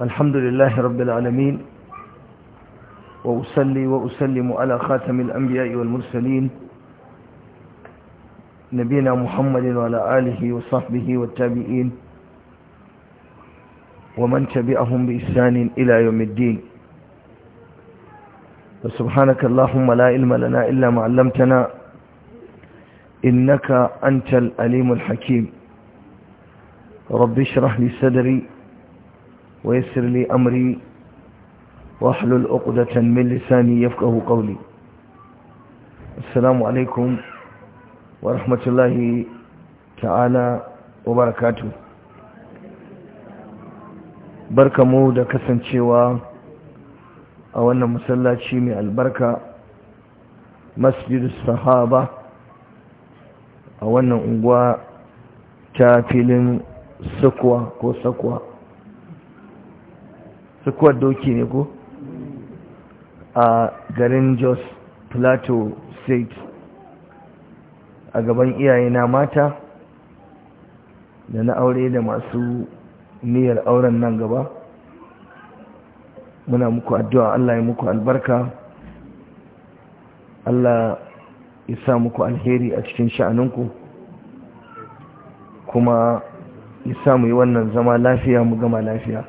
الحمد لله رب العالمين وأسلي وأسلم على خاتم الأنبياء والمرسلين نبينا محمد وعلى آله وصحبه والتابعين ومن تبعهم بإحسان إلى يوم الدين وسبحانك اللهم لا علم لنا إلا ما علمتنا إنك أنت الأليم الحكيم رب اشرح لي صدري ويسر لي أمري واحلل عقدة من لساني يفقه قولي alaikum عليكم ورحمة الله تعالى وبركاته barka mu da kasancewa a wannan masallaci mai albarka masjid sahaba a wannan unguwa ta filin sakwa ko sakwa sukuwar doki ne ko a garin jos plateau state a gaban iyaye na mata da na aure da masu niyyar auren nan gaba muna muku addu'a Allah ya muku albarka Allah ya sa muku alheri a cikin sha'aninku kuma ya sa yi wannan zama lafiya mu gama lafiya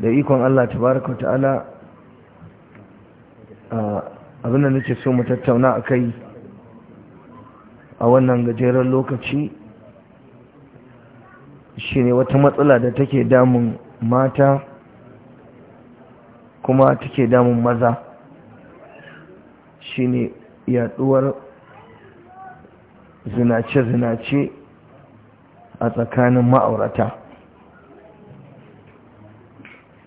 da ikon Allah tabaraka ta'ala abin da nake so mu tattauna a kai a wannan gajeren lokaci shi ne wata matsala da take damun mata kuma take damun maza shi ne yaduwar zinace-zinace a tsakanin ma'aurata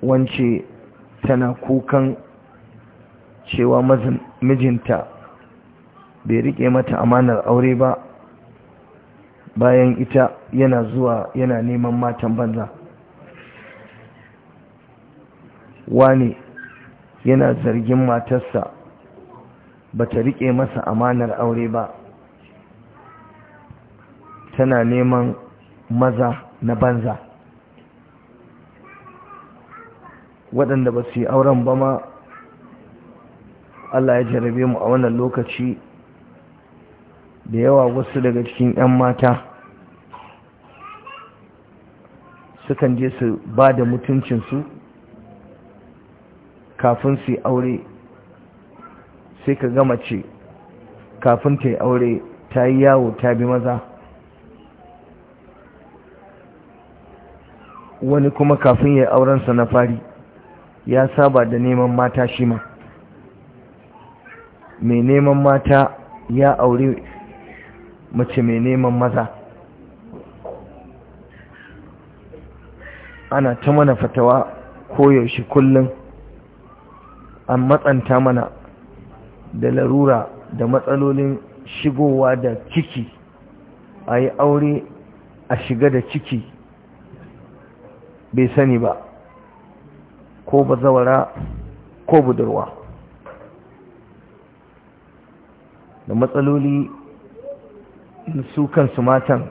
wance tana kukan cewa mijinta bai rike mata amanar aure ba bayan ita yana zuwa yana neman matan banza wani yana zargin matarsa ba ta rike masa amanar aure ba tana neman maza na banza waɗanda ba su yi auren ba ma Allah ya jarabe mu a wannan lokaci da yawa wasu daga cikin 'yan mata sukan je su ba da mutuncinsu kafin su yi aure sai ka gama ce kafin ta yi aure ta yi yawo ta bi maza wani kuma kafin ya yi aurensa na fari ya saba da neman mata shi ma mai neman mata ya aure mace mai neman maza ana ta mana fatawa koyaushe kullum an matsanta mana da larura da matsalolin shigowa da ciki a yi aure a shiga da ciki bai sani ba ko bazawara ko budurwa da matsaloli su kansu matan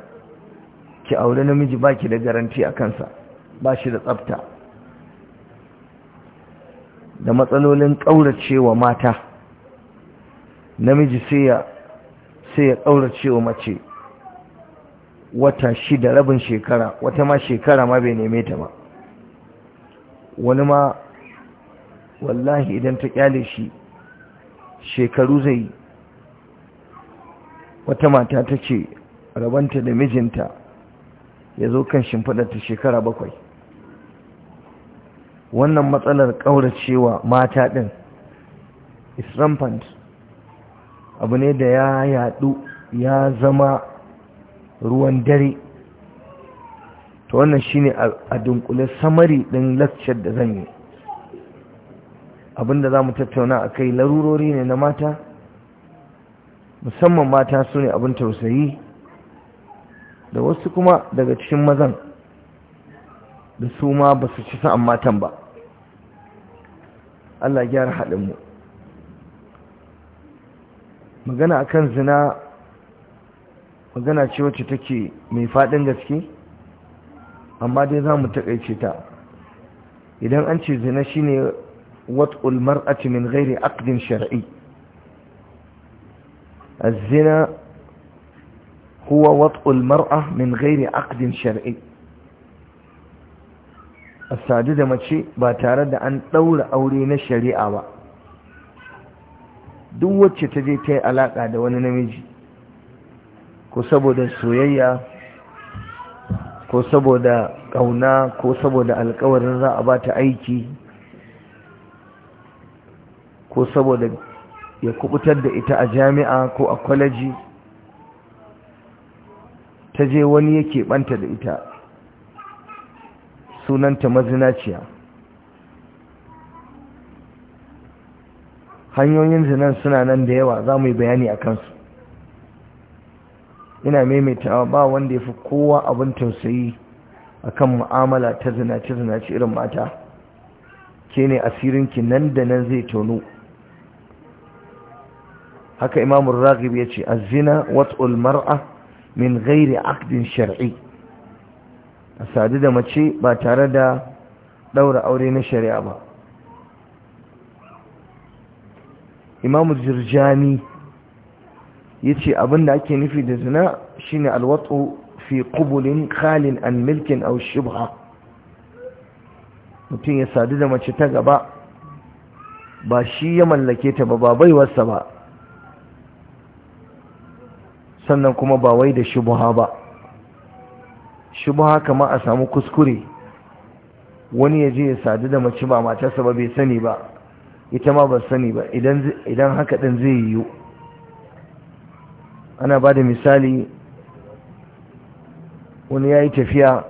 ki aure namiji baki da garanti a kansa ba shi da tsafta da matsalolin ƙauracewa mata namiji sai ya ƙauracewa mace wata shida rabin shekara wata ma shekara ma bai neme ta ba wani ma wallahi idan ta kyale shi shekaru zai yi wata mata ta ce rabanta da mijinta ya zo kan ta shekara bakwai wannan matsalar ƙauracewa mata ɗin is abu ne da ya yaɗu ya zama ruwan dare to wannan shine a dunkule samari din lecture da zan yi abinda za mu tattauna a kai larurori ne na mata musamman mata su ne abin tausayi da wasu kuma daga cikin mazan da su ma ba su ci sa'an matan ba Allah gyara haɗinmu magana akan zina magana ce wacce take mai faɗin gaske amma dai za mu taƙaice ta idan an ce zina shi ne wat'ul mar'ati min ghairi aqdin shar'i zina min ghairi aqdin shar'i. as-sadi da mace ba tare da an daura aure na shari'a ba. duk wacce ta je ta yi alaƙa da wani namiji ko saboda soyayya ko saboda ƙauna ko saboda alkawarin za a ba ta aiki ko saboda ya kubutar da ita a jami'a ko a kwalaji ta je wani yake banta da ita sunanta mazinaciya hanyoyin zinan suna nan da yawa za mu yi bayani a kansu ina maimaitawa ba wanda ya fi kowa abin tausayi a kan mu'amala ta zinace zinace irin mata ke ne asirinki nan da nan zai tono haka imamun ragib ya ce a zina, wat'ul mar'a min gairi akdin shari'i a sadu da mace ba tare da ɗaura aure na shari'a ba imamun jirjani yace da ake nufi da zina shine alwatu fi qubulin khalin an milkin aw shubha mutum ya sadu da mace ta gaba ba shi ya mallake ta ba ba baiwarsa ba sannan kuma ba wai da shubha ba shubha kama a samu kuskure wani ya je ya sadu da mace ba matarsa ba bai sani ba ita ma ba sani ba idan haka din zai yiwu ana ba da misali wani ya yi tafiya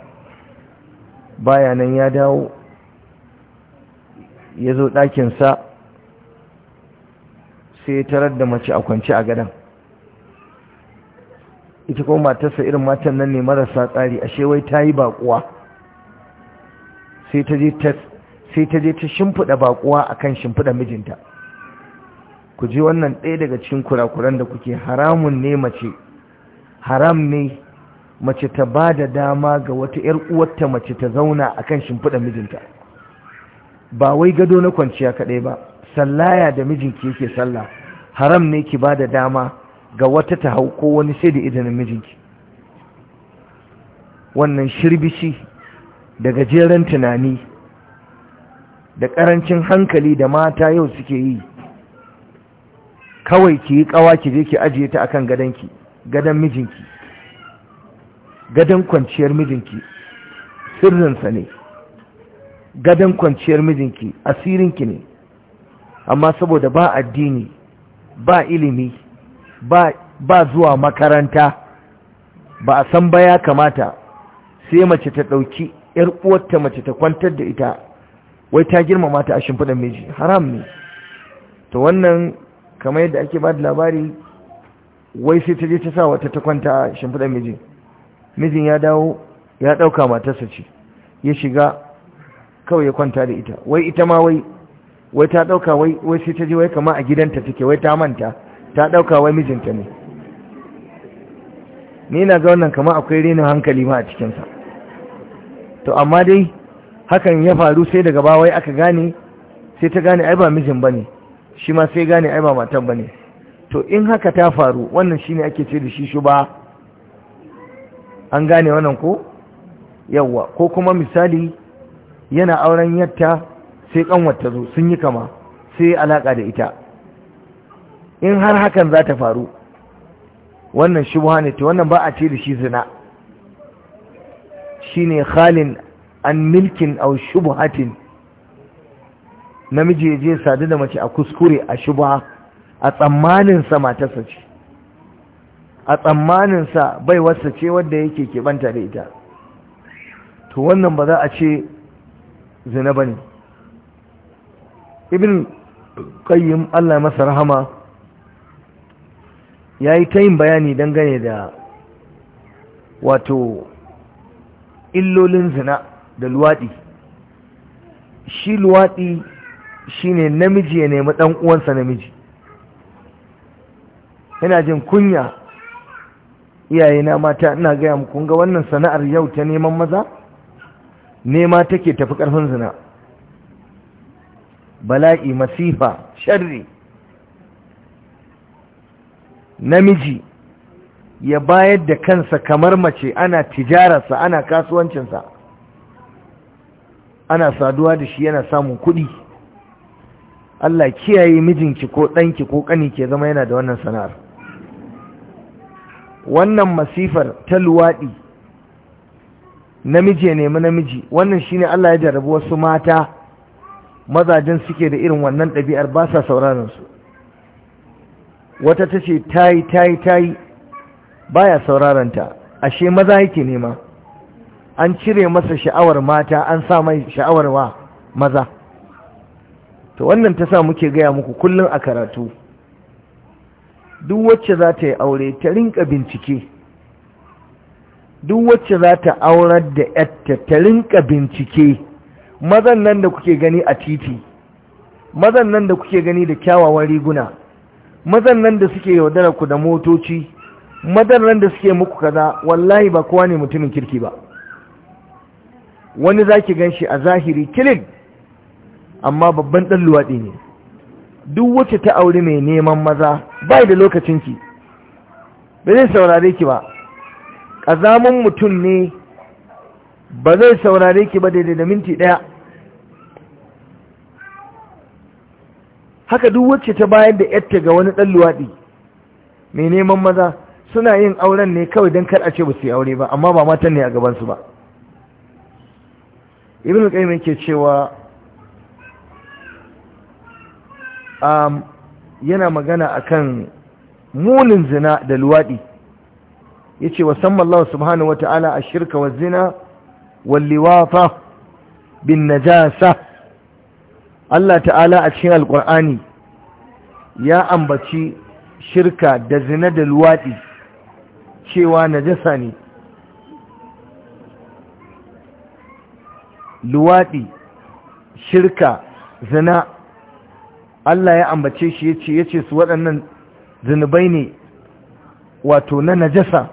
bayanan ya dawo ya zo ɗakinsa sai ya tarar da mace a kwanci a gadon ita kuma matarsa irin matan nan ne marasa tsari ashe wai ta yi baƙuwa sai ta je ta shimfiɗa baƙuwa a kan shimfiɗa mijinta ku ji wannan ɗaya daga cikin kurakuran da kuke haramun ne mace haram ne mace ta ba da dama ga wata 'yar uwarta mace ta zauna a kan shimfiɗa mijinta ba wai gado na kwanciya kaɗai ba sallaya da mijinki yake sallah haram ne ki ba da dama ga wata ta hau ko wani sai da idanun mijinki wannan shirbishi da gajeren tunani da ƙarancin hankali da mata yau suke yi kawai ki yi kawa ki je ki ajiye ta akan gadanki gadan mijinki Gadon kwanciyar mijinki sirrinsa ne gadan kwanciyar mijinki asirinki ne amma saboda ba addini ba ilimi ba, ba zuwa makaranta ba a san ba ya kamata sai mace ta ɗauki ‘yar uwarta mace ta kwantar da ita wai ta girmama ta a shimfiɗa miji haram ne ta wannan kamar yadda ake ba da labari wai sai ta je ta sa wata ta kwanta a shimfiɗar mijin mijin ya dawo ya ɗauka matarsa ce ya shiga kawai ya kwanta da ita wai ita ma wai wai ta ɗauka wai wai sai ta je wai kama a gidanta take wai ta manta ta ɗauka wai mijinta ne ni na ga wannan kama akwai renin hankali ma a cikinsa to amma dai hakan ya faru sai daga wai aka gane sai ta gane ai ba mijin ba ne shi ma sai gane ai ba matan bane to in haka ta faru wannan shine ake ce da shi shuba an gane wannan ko yawa ko kuma misali yana auren yatta sai kanwar ta zo sun yi kama sai alaka da ita in har hakan za ta faru wannan shubha ne to wannan ba a ce da shi zina shine khalin an milkin au shubhatin namiji ya je sadu da mace a kuskure a shubha a tsammaninsa matarsa ce a tsammaninsa baiwarsa ce wadda yake keɓanta da ita to wannan ba za a ce zina ba ne ibn qayyim allah masa rahama ya yi ta yin bayani dangane da wato illolin zina da luwaɗi shi luwaɗi shine namiji ya nemi ɗan uwansa namiji ina jin kunya iyaye na mata ina gaya mu kun ga wannan sana'ar yau ta neman maza nema take tafi karfin zina bala'i masifa sharri namiji ya bayar da kansa kamar mace ana tijararsa ana kasuwancinsa ana saduwa da shi yana samun kuɗi Allah kiyaye mijinki ko ɗanki ko ƙani ke zama yana da wannan sana'ar wannan masifar ta luwaɗi namiji ya nemi namiji wannan shi ne Allah ya jarabi wasu mata mazajen suke da irin wannan ɗabi'ar ba sa sauraron su wata ta ce tayi tayi tayi baya sauraron ta ashe maza yake nema an cire masa sha'awar mata an sa mai sha'awar wa maza to wannan ta sa muke gaya muku kullum a karatu duk wacce za ta yi aure ta rinka bincike duk wacce za ta aurar da yatta ta rinka bincike mazan nan da kuke gani a titi mazan nan da kuke gani da kyawawan riguna mazan nan da suke yaudara ku da motoci mazan nan da suke muku kaza wallahi ba kowa ne mutumin kirki ba wani za ki gan shi a zahiri kilin amma babban ɗan luwaɗi ne duk wacce ta auri mai neman maza bai da lokacinki ba zai saurare ki ba ƙazamin mutum ne ba zai saurare ki ba daidai da minti ɗaya haka duk wacce ta bayar da yatta ga wani ɗan luwaɗi mai neman maza suna yin auren ne kawai don kar a ce ba su yi aure ba amma ba matan ne a gabansu ba ibn qayyim yake cewa Um, yana magana akan munin zina da luwaɗi ya ce wa Allah subhanahu wa ta'ala a shirka wa zina walliwafa bin najasa Allah ta'ala a cikin alƙur'ani ya ambaci shirka da zina da luwaɗi cewa najasa ne luwaɗi shirka zina Allah ya ambace shi ya ce ya ce su waɗannan zunubai ne wato na najasa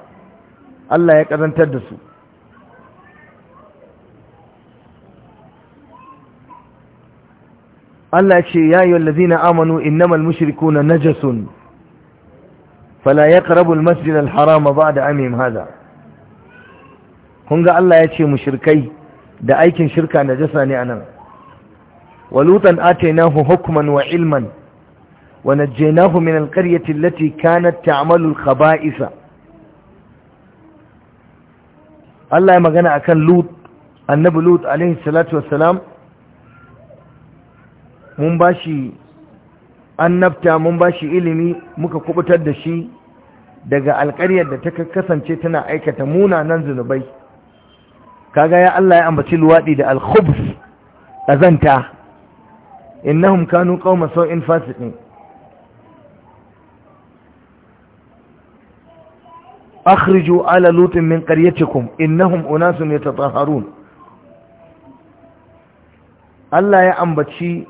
Allah ya ƙazantar da su Allah ce ya yi wallazi na amanu innamal mushriku na najasun fala ya ƙarabul masjid al-harama ba da amin haza kun ga Allah ya ce mushrikai da aikin shirka najasa ne a nan ولوطا آتيناه حكما وعلما ونجيناه من القرية التي كانت تعمل الخبائث Allah ya magana akan Lut annabi Lut alaihi salatu wassalam mun bashi annabta mun bashi ilimi muka kubutar da shi daga alƙaryar da ta kasance tana aikata munanan zunubai kaga ya Allah ya ambaci luwaɗi da al-khubs azanta innahum kanu قوم sau'in فاسقين أخرجوا على لوط min قريتكم innahum أناس يتطهرون Allah ya ambaci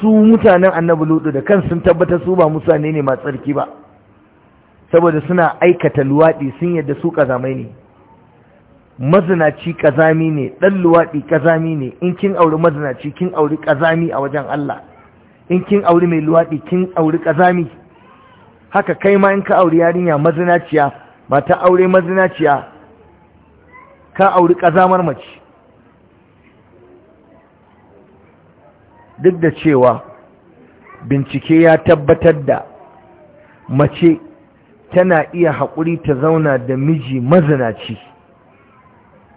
su mutanen annabi lutu da kan sun tabbatar su ba mutane ne masu tsarki ba saboda suna aikata luwaɗi sun yadda su ƙazamai ne mazinaci kazami ne ɗan luwaɗi kazami ne in kin auri mazinaci kin auri kazami a wajen Allah in kin auri mai luwaɗi kin auri kazami haka kai ma in ka auri yarinya mazinaciya mata aure mazinaciya ka auri kazamar mace duk da cewa bincike ya tabbatar da mace tana iya haƙuri ta zauna da miji mazinaci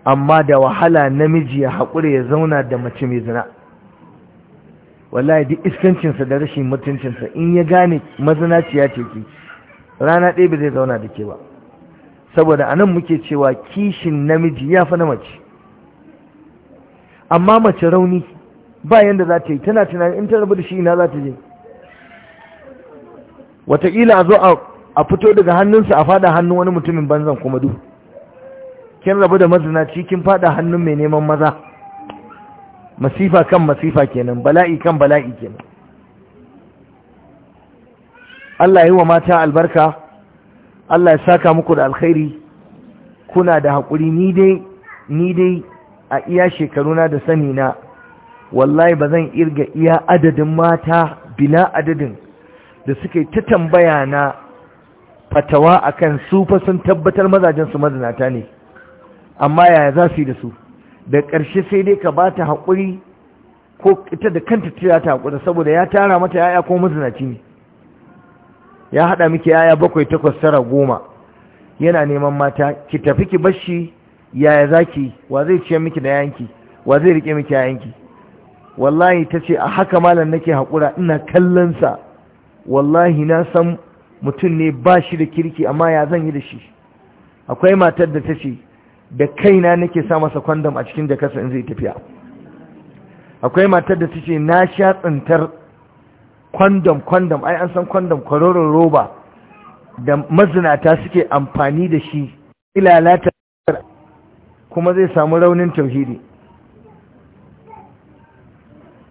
amma da wahala namiji ya haƙura ya zauna da mace mai zina wallahi duk iskancinsa da rashin mutuncinsa in ya gane mazinaciya ce ki rana ɗaya ba zai zauna da ke ba saboda anan muke cewa kishin namiji ya fi na mace amma mace rauni ba yadda za ta yi tana tunanin in ta rabu da shi ina za ta je wataƙila a zo a fito daga hannunsa a fada hannun wani mutumin banzan kuma duk kin rabu da mazinaci kin fada hannun mai neman maza masifa kan masifa kenan bala'i kan bala'i kenan Allah yi wa mata albarka Allah ya saka muku da alkhairi kuna da haƙuri ni dai ni dai a iya shekaru na da sani na wallahi ba zan irga iya adadin mata bila adadin da suke ta tambaya na fatawa akan su fa sun tabbatar mazajen su mazinata ne amma yaya za su yi da su da ƙarshe sai dai ka ba ta haƙuri ko ita da kanta tira ta haƙuri saboda ya tara mata yaya ko mazinaci ne ya haɗa miki yaya bakwai takwas tara goma yana neman mata ki tafi ki bashi yaya za ki wa zai ciyar miki da yayanki wa zai riƙe miki yayanki wallahi ta ce a haka malam nake haƙura ina sa wallahi na san mutum ne ba shi da kirki amma ya zan yi da shi akwai matar da ta ce da kaina nake sa masa kwandam a cikin jakarsa in zai tafiya akwai matar da tace na sha tsintar kwandam kwandam ai an san kwandam kwaroron roba da mazinata suke amfani da shi ilalata kuma zai samu raunin tauhidi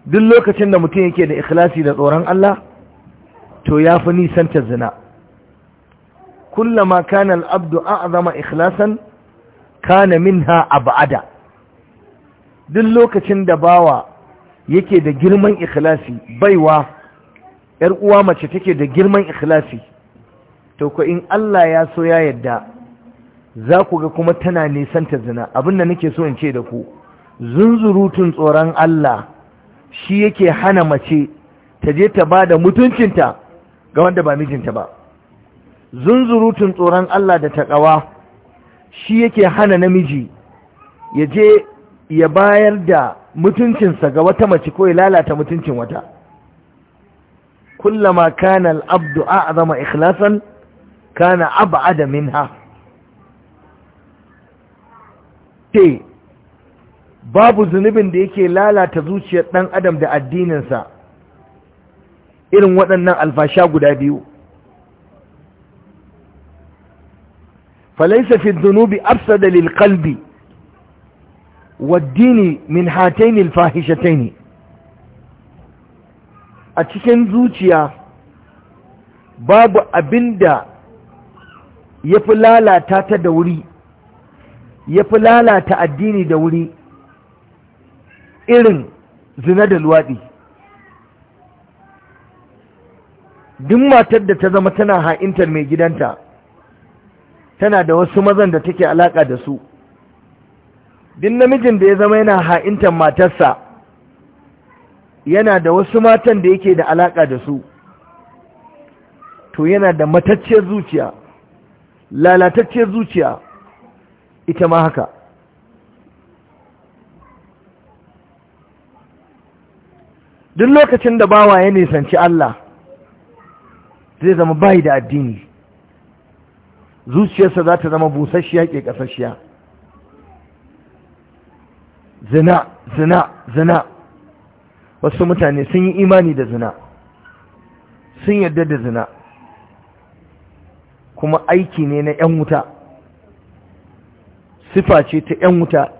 duk lokacin da mutum yake da ikhlasi da tsoron Allah to ya fi nisan ta zina kullama kana abdu a'azama ikhlasan kana minha abada duk lokacin da bawa yake da girman ikhlasi baiwa yar uwa mace take da girman ikhlasi to ko in Allah ya so ya yadda za ku ga kuma tana nisanta zina abinda nake so in ce da ku zunzurutun tsoron Allah shi yake hana mace ta je ta ba da mutuncinta ga wanda ba mijinta ba zunzurutun tsoron Allah da ta ƙawa. shi yake hana namiji ya je ya bayar da mutuncinsa ga wata mace ko ya lalata mutuncin wata kullama kana al'abdu zama ikhlasan kana ab'ada minha te babu zunubin da yake lalata zuciyar ɗan adam da addininsa irin waɗannan alfasha guda biyu falaisa fi dhunubi afsada lil qalbi waddini min hataini alfahishataini a cikin zuciya babu abinda ya fi lalata ta da wuri ya fi lalata addini da wuri irin zina da luwaɗi duk matar da ta zama tana ha'intar mai gidanta tana da wasu mazan da take alaka da su din namijin da ya zama yana ha'intar matarsa yana da wasu matan da yake da alaka da su to yana da matacciyar zuciya lalatacciyar zuciya ita ma haka duk lokacin da bawa ya nisanci Allah zai zama bai da addini zuciyarsa za ta zama busasshiya ke ƙasashiya zina zina zina wasu mutane sun yi imani da zina sun yarda da zina kuma aiki ne na 'yan wuta sifa ce ta 'yan wuta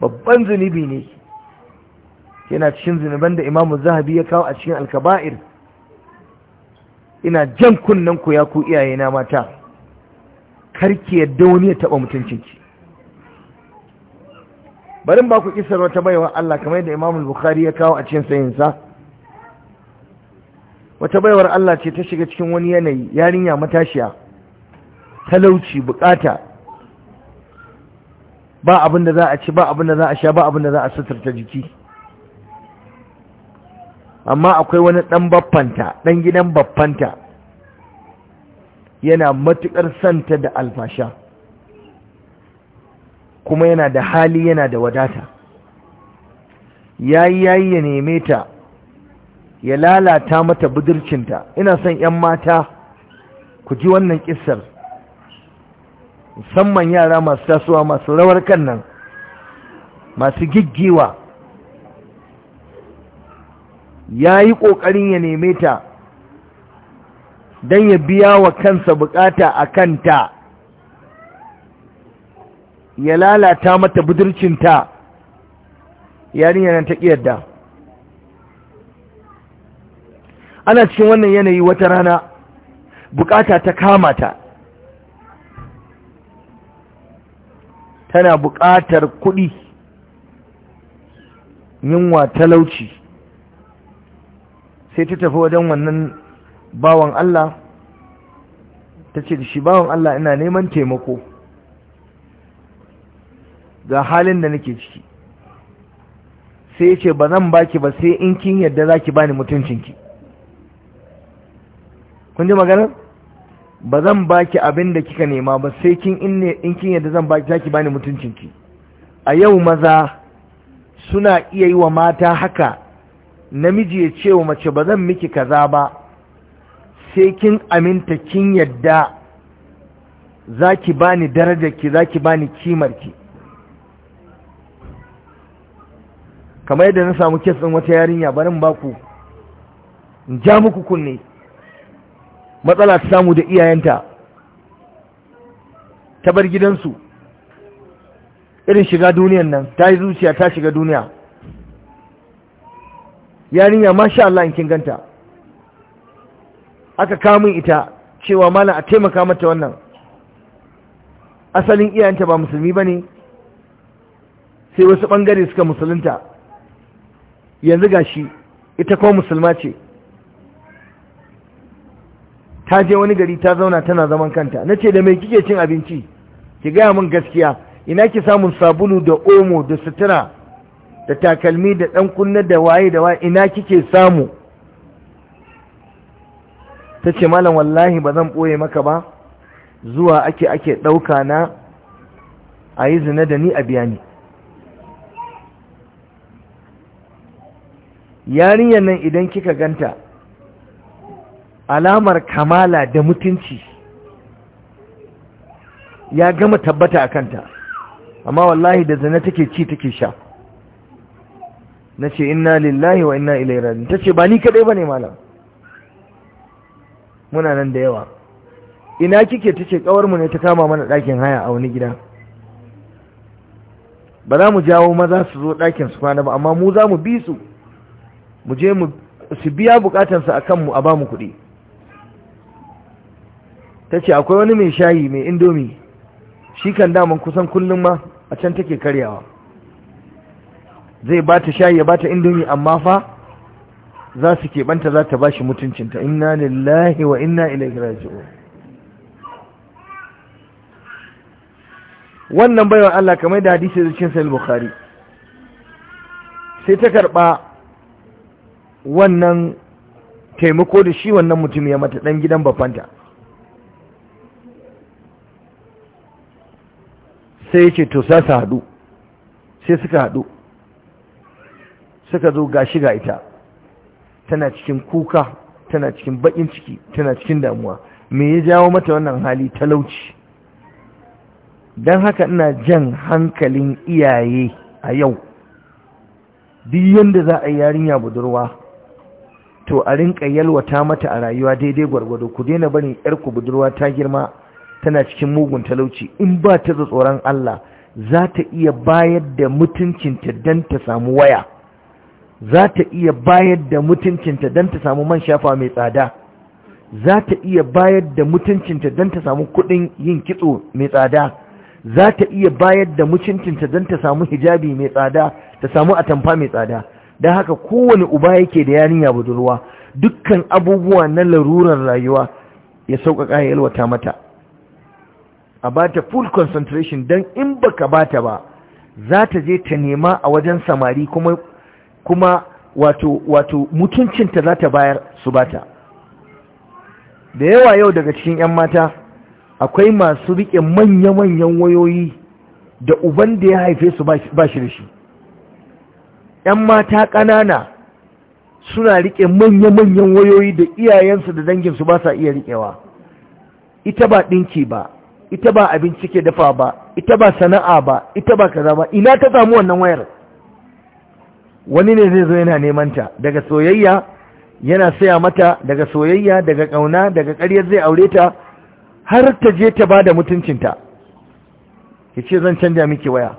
babban zunubi ne yana cikin zunuban da imamu zahabi ya kawo a cikin alkaba'ir ina jan kunnen ku ya ku iyayena mata karki yadda wani ya taɓa mutuncinki barin ba ku kisar wata baiwa Allah kamar yadda Imam Bukhari ya kawo a cikin sayinsa wata baiwar Allah ce ta shiga cikin wani yanayi yarinya matashiya talauci bukata ba abin da za a ci ba abin da za a sha ba abin da za a suturta jiki amma akwai wani dan baffanta dan gidan baffanta yana matuƙar santa da alfasha kuma yana da hali yana da wadata yayi yayi ya neme ta ya lalata mata budurcinta ina son 'yan mata ku ji wannan kissar musamman yara masu tasowa masu rawar kan nan masu giggiwa ya yi ƙoƙarin ya neme ta don ya biya wa kansa bukata a kanta ya lalata mata budurcinta yarinya nan ta ƙiyarda ana cikin wannan yanayi wata rana bukata ta kama ta tana bukatar kuɗi yunwa talauci sai ta tafi wajen wannan bawan Allah ta ce da shi bawan Allah ina neman taimako ga halin da nake ciki sai ya ce ba zan baki ba sai in kin yadda za ki bani mutuncinki kun ji maganar ba zan baki abin da kika nema ba sai kin in kin yadda zan baki zaki bani mutuncinki a yau maza suna iya yi wa mata haka namiji ya ce wa mace ba zan miki kaza ba sai kin aminta kin yadda za ki ba ni darajarki za ki ba ni kimarki kamar yadda na samu kes ɗin wata yarinya barin baku in ja muku kunne matsala ta samu da iyayenta ta bar gidansu irin shiga duniyan nan ta yi zuciya ta shiga duniya yarinya masha Allah in kin ganta aka kamun ita cewa malam a taimaka mata wannan asalin iyayenta ba musulmi ba ne sai wasu ɓangare suka musulunta yanzu ga shi ita kuma musulma ce ta je wani gari ta zauna tana zaman kanta na ce da mai kike cin abinci ki gaya min gaskiya ina ki samun sabulu da omo da sutura da takalmi da ɗan kunne da waye da waye ina kike samu ta ce malam wallahi ba zan ɓoye maka ba zuwa ake ake ɗauka na a yi zina da ni a biya ni yarinyar nan idan kika ganta alamar kamala da mutunci ya gama tabbata a kanta amma wallahi da zina take ci take sha na ce inna lillahi wa inna ilai ta ce ba ni kaɗai ba ne malam muna nan da yawa ina kike tace kawar mu ne ta kama mana ɗakin haya a wani gida ba za mu jawo maza su zo ɗakin su kwana ba amma mu za mu bi su mu je mu su biya bukatansu a kanmu a ba mu kuɗi ta ce akwai wani mai shayi mai indomi shi kan daman kusan kullum ma a can take karyawa zai ba ta shayi ya ba ta indomi amma fa za su keɓanta za ta ba shi mutuncinta inna lillahi wa inna ilaihi raji'un wannan baiwa Allah kamar da hadisi da cin sahih bukhari sai ta karɓa wannan taimako da shi wannan mutum ya mata ɗan gidan bafanta sai ya ce to sa su haɗu sai suka haɗu suka zo gashi ga ita tana cikin kuka tana cikin bakin ciki tana cikin damuwa me ya jawo mata wannan hali talauci don haka ina jan hankalin iyaye a yau duk yadda za a yi yarinya budurwa to a rinka yalwata mata a rayuwa daidai gwargwado ku daina barin yarku budurwa ta girma tana cikin mugun talauci in ba ta da tsoron Allah za ta iya bayar da mutuncinta don ta samu waya za ta iya bayar da mutuncinta don ta samu man shafa mai tsada za ta iya bayar da mutuncinta don ta samu kudin yin kitso mai tsada za ta iya bayar da mutuncinta don ta samu hijabi mai tsada ta samu atamfa mai tsada don haka kowane uba yake da yarinya budurwa dukkan abubuwa na larurar rayuwa ya sauƙaƙa ya yalwata mata a ba ta full concentration don in baka bata ba za ta je ta nema a wajen samari kuma kuma wato wato mutuncinta za ta bayar su bata da yawa yau daga cikin 'yan mata akwai masu riƙe manya-manyan wayoyi da uban da ya haife su ba shi da shi 'yan mata ƙanana suna riƙe manya-manyan wayoyi da iyayensu da danginsu ba sa iya riƙewa ita ba ɗinki ba ita ba abinci ke dafa ba ita ba sana'a ba ita ba kaza ba ina ta samu wannan wayar wani ne zai zo yana neman ta daga soyayya yana saya mata daga soyayya daga ƙauna daga ƙaryar zai aure ta har ta je ta bada mutuncinta Ya ce zan canja miki waya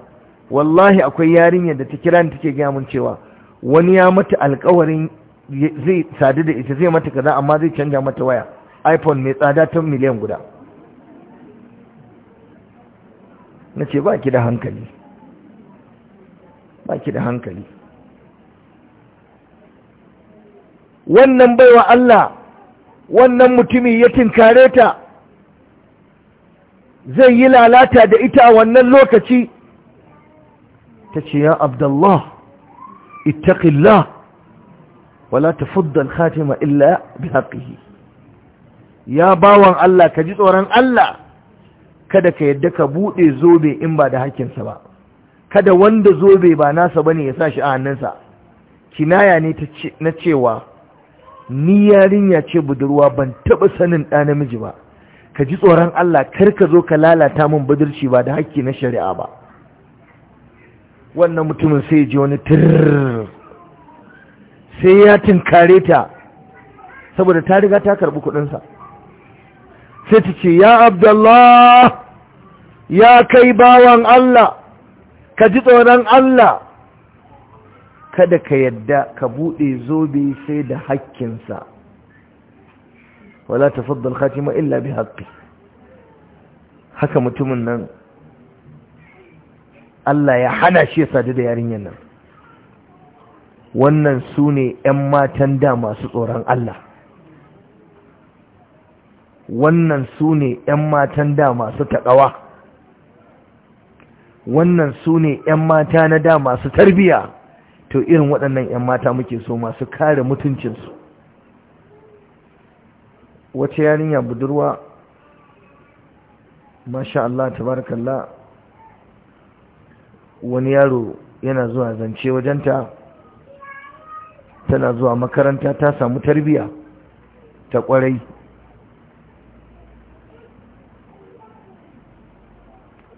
wallahi akwai yarinyar da ta kira ni take gaya mun cewa wani ya mata alƙawarin zai sadu da ita zai mata kaza amma zai canja mata waya iphone mai tsada ta miliyan guda na ce ba ki da hankali ba ki da hankali wannan baiwa Allah wannan mutumi ya tinkare ta zai yi lalata da ita a wannan lokaci ta ce ya abdullah ittaqillah wala tafaddal khatima illa bihaqihi ya bawan Allah ka ji tsoron Allah kada ka yadda ka bude zobe in ba da hakkinsa ba kada wanda zobe ba nasa bane ya sa shi a hannunsa kinaya ne na cewa ni yarinya ce budurwa ban taɓa sanin ɗa namiji ba ka ji tsoron Allah kar ka zo ka lalata min budurci ba da hakki na shari'a ba wannan mutumin sai ji wani tirr sai ya tinkare ta saboda ta riga ta karɓi kuɗinsa sai ta ce ya abdullah ya kai bawan Allah ka ji tsoron Allah kada ka yadda ka buɗe zobe sai da hakkinsa wala tafaddal khatima illa bi haƙƙi. haka mutumin nan Allah ya hana shi sadu da yarinyar nan wannan su ne 'yan matan da masu tsoron Allah wannan su ne 'yan matan da masu taƙawa wannan su ne 'yan mata na da masu tarbiyya to irin waɗannan 'yan mata muke so masu kare mutuncinsu Wata yarinya budurwa masha Allah tabarakallah wani yaro yana zuwa zance wajenta tana zuwa makaranta ta samu tarbiya ta kwarai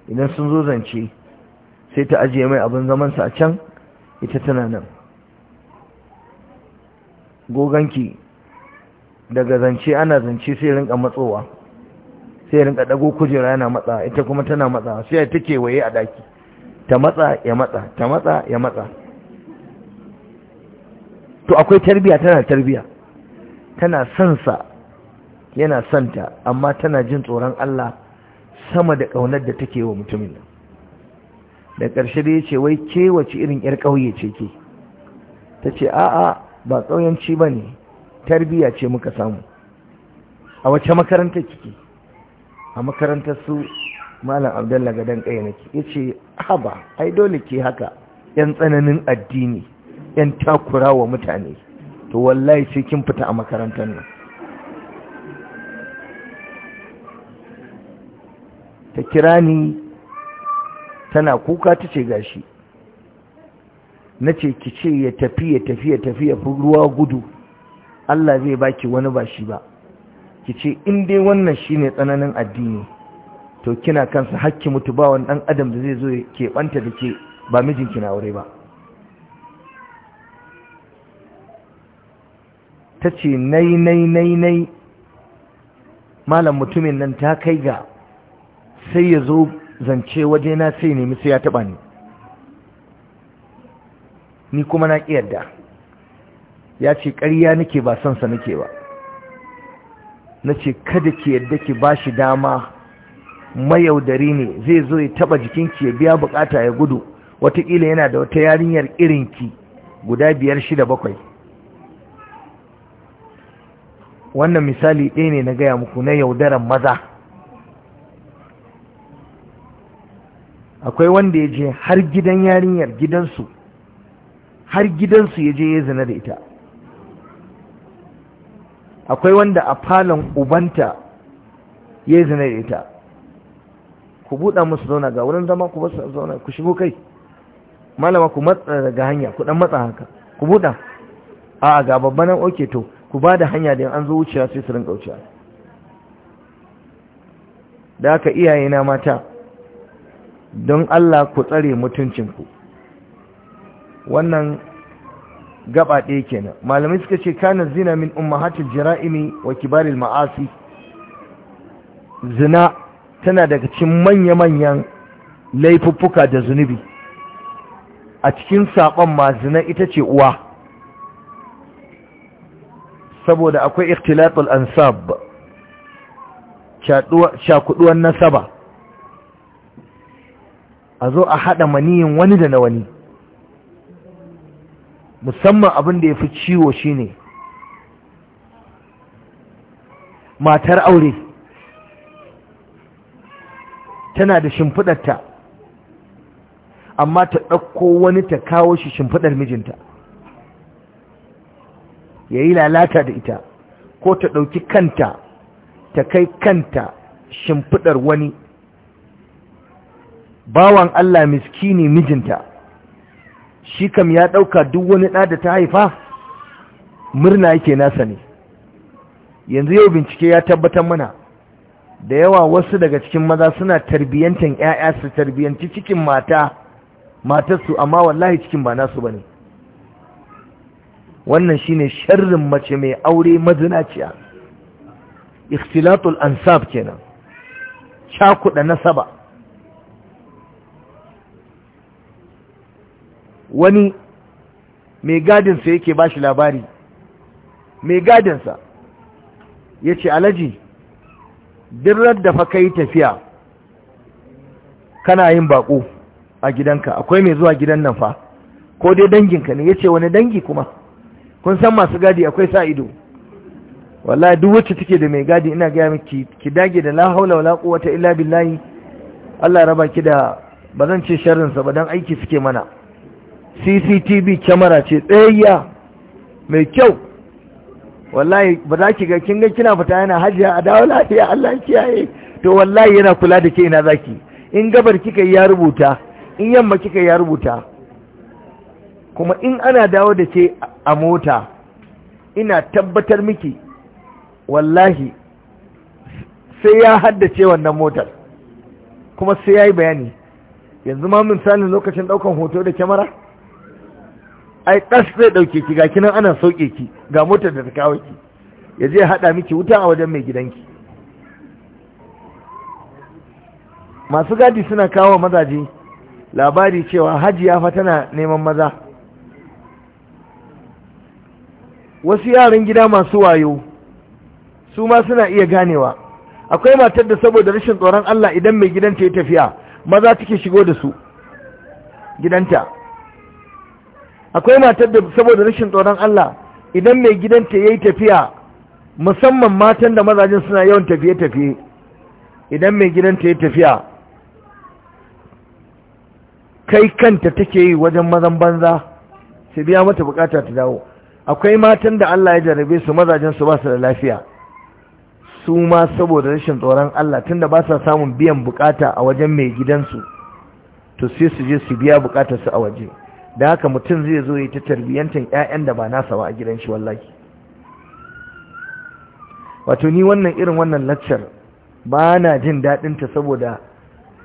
idan sun zo zance sai ta ajiye mai abin zamansa a can ita tana nan goganki daga zance ana zance sai rinka matsowa sai rinka dago kujera yana matsa ita kuma tana matsa sai ta kewaye a daki ta matsa ya matsa ta matsa ya matsa to akwai tarbiya tana tarbiya tana sansa yana santa amma tana jin tsoron Allah sama da ƙaunar da take wa mutumin nan da ƙarshe da ya ce wai ke wace irin 'yar ƙauye ce ke ta ce a'a ba ƙauyenci ba ne tarbiyya ce muka samu a wace makaranta kike a makarantar su malam abdalla gadon ƙaya nake ya ce haba ai dole ke haka yan tsananin addini yan takura wa mutane to wallahi sai kin fita a makarantar nan ta kira ni tana kuka ta ce gashi na ce ki ce ya tafi ya tafi ya tafi ya fi ruwa gudu Allah zai baki wani ba shi ba ki ce in dai wannan shine tsananin addini to kina kansa hakki mutu ba wani dan adam da zai zo ya keɓanta da ke ba mijinki na aure ba ta ce nai nai nai nai malam mutumin nan ta kai ga sai ya zo zance waje na sai nemi sai ya taba ni ni kuma na ƙi yarda ya ce ƙarya nake ba son sa nake ba na ce kada ki yadda ki ba shi dama mayaudari ne zai zo ya taba jikinki ya biya bukata ya gudu watakila yana da wata yarinyar irin ki guda biyar shida bakwai wannan misali ɗaya ne na gaya muku na yaudaran maza akwai wanda ya je har gidan yarinyar gidansu har gidansu ya je ya zina da ita akwai wanda a falon ubanta ya zina da ita ku buɗa musu zauna ga wurin zama ku basu zauna ku shigo kai malama ku matsa daga hanya ku dan matsa haka ku buɗa a ga babban nan oke to ku ba da hanya da an zo wuciya sai su rinka wuciya da haka iyaye na mata don Allah ku tsare mutuncinku wannan gaba ɗaya kenan malamai suka ce kana zina min ummahatil jara'imi wa kibaril ma'asi zina tana daga cikin manya-manyan laifuffuka da zunubi a cikin saƙon ma zina ita ce uwa saboda akwai ikhtilatul ansab cakuduwan nasaba a zo a haɗa maniyin wani da na wani musamman abin da ya fi ciwo shine matar aure tana da shimfiɗarta amma ta ɗauko wani ta kawo shi shimfiɗar mijinta ya yi lalata da ita ko ta ɗauki kanta ta kai kanta shimfiɗar wani bawan Allah miskini mijinta shi kam ya ɗauka duk wani ɗa da ta haifa murna yake nasa ne yanzu yau bincike ya tabbatar mana da yawa wasu daga cikin maza suna tarbiyyantar 'ya'ya su tarbiyyanci cikin mata matarsu amma wallahi cikin ba nasu ba ne wannan shi ne sharrin mace mai aure mazinaciya ikhtilatul ansab kenan cakuɗa nasaba wani mai gadinsa yake ba shi labari mai gadinsa ya ce alaji dirar da fa kai tafiya kana yin baƙo a gidanka akwai mai zuwa gidan nan fa ko dai danginka ne ya ce wani dangi kuma kun san masu gadi akwai sa ido wallahi duk wacce take da mai gadi ina gaya miki ki dage da la haula wala quwwata illa billahi Allah raba ki da bazan ce sharrin sa ba dan aiki suke mana cctv kyamara ce tsayayya mai kyau wallahi ba za ki ga kin ga kina fita yana hajiya a dawo lafiya Allah kiyaye to wallahi yana kula da ke ina zaki in gabar kika ya rubuta in yamma kika ya rubuta kuma in ana dawo da ke a mota ina tabbatar miki wallahi sai ya haddace wannan motar kuma sai ya yi bayani yanzu ma misalin lokacin ɗaukar hoto da kyamara ai ɗas zai ɗauke ki ga kinan ana sauke ki ga motar da ta kawo ki ya je haɗa miki wuta a wajen mai gidanki masu gadi suna kawo mazaje labari cewa ya fa tana neman maza wasu yaran gida masu wayo su ma suna iya ganewa akwai matar da saboda rashin tsoron Allah idan mai gidanta ya tafiya maza take shigo da su gidanta akwai matar da saboda rashin tsoron Allah idan mai gidanta ya yi tafiya musamman matan da mazajin suna yawan tafiye-tafiye idan mai gidanta yi tafiya kai kanta take yi wajen mazan banza su biya mata bukata ta dawo akwai matan da Allah ya jarabe su mazajin su ba su da lafiya su ma saboda rashin tsoron Allah tunda ba sa samun biyan bukata a wajen mai gidansu to sai su je su biya bukatarsu a waje da haka mutum zai zo ya ta tarbiyyantar yayan da ba nasa ba a gidan shi wallahi wato ni wannan irin wannan laccar ba na jin daɗinta saboda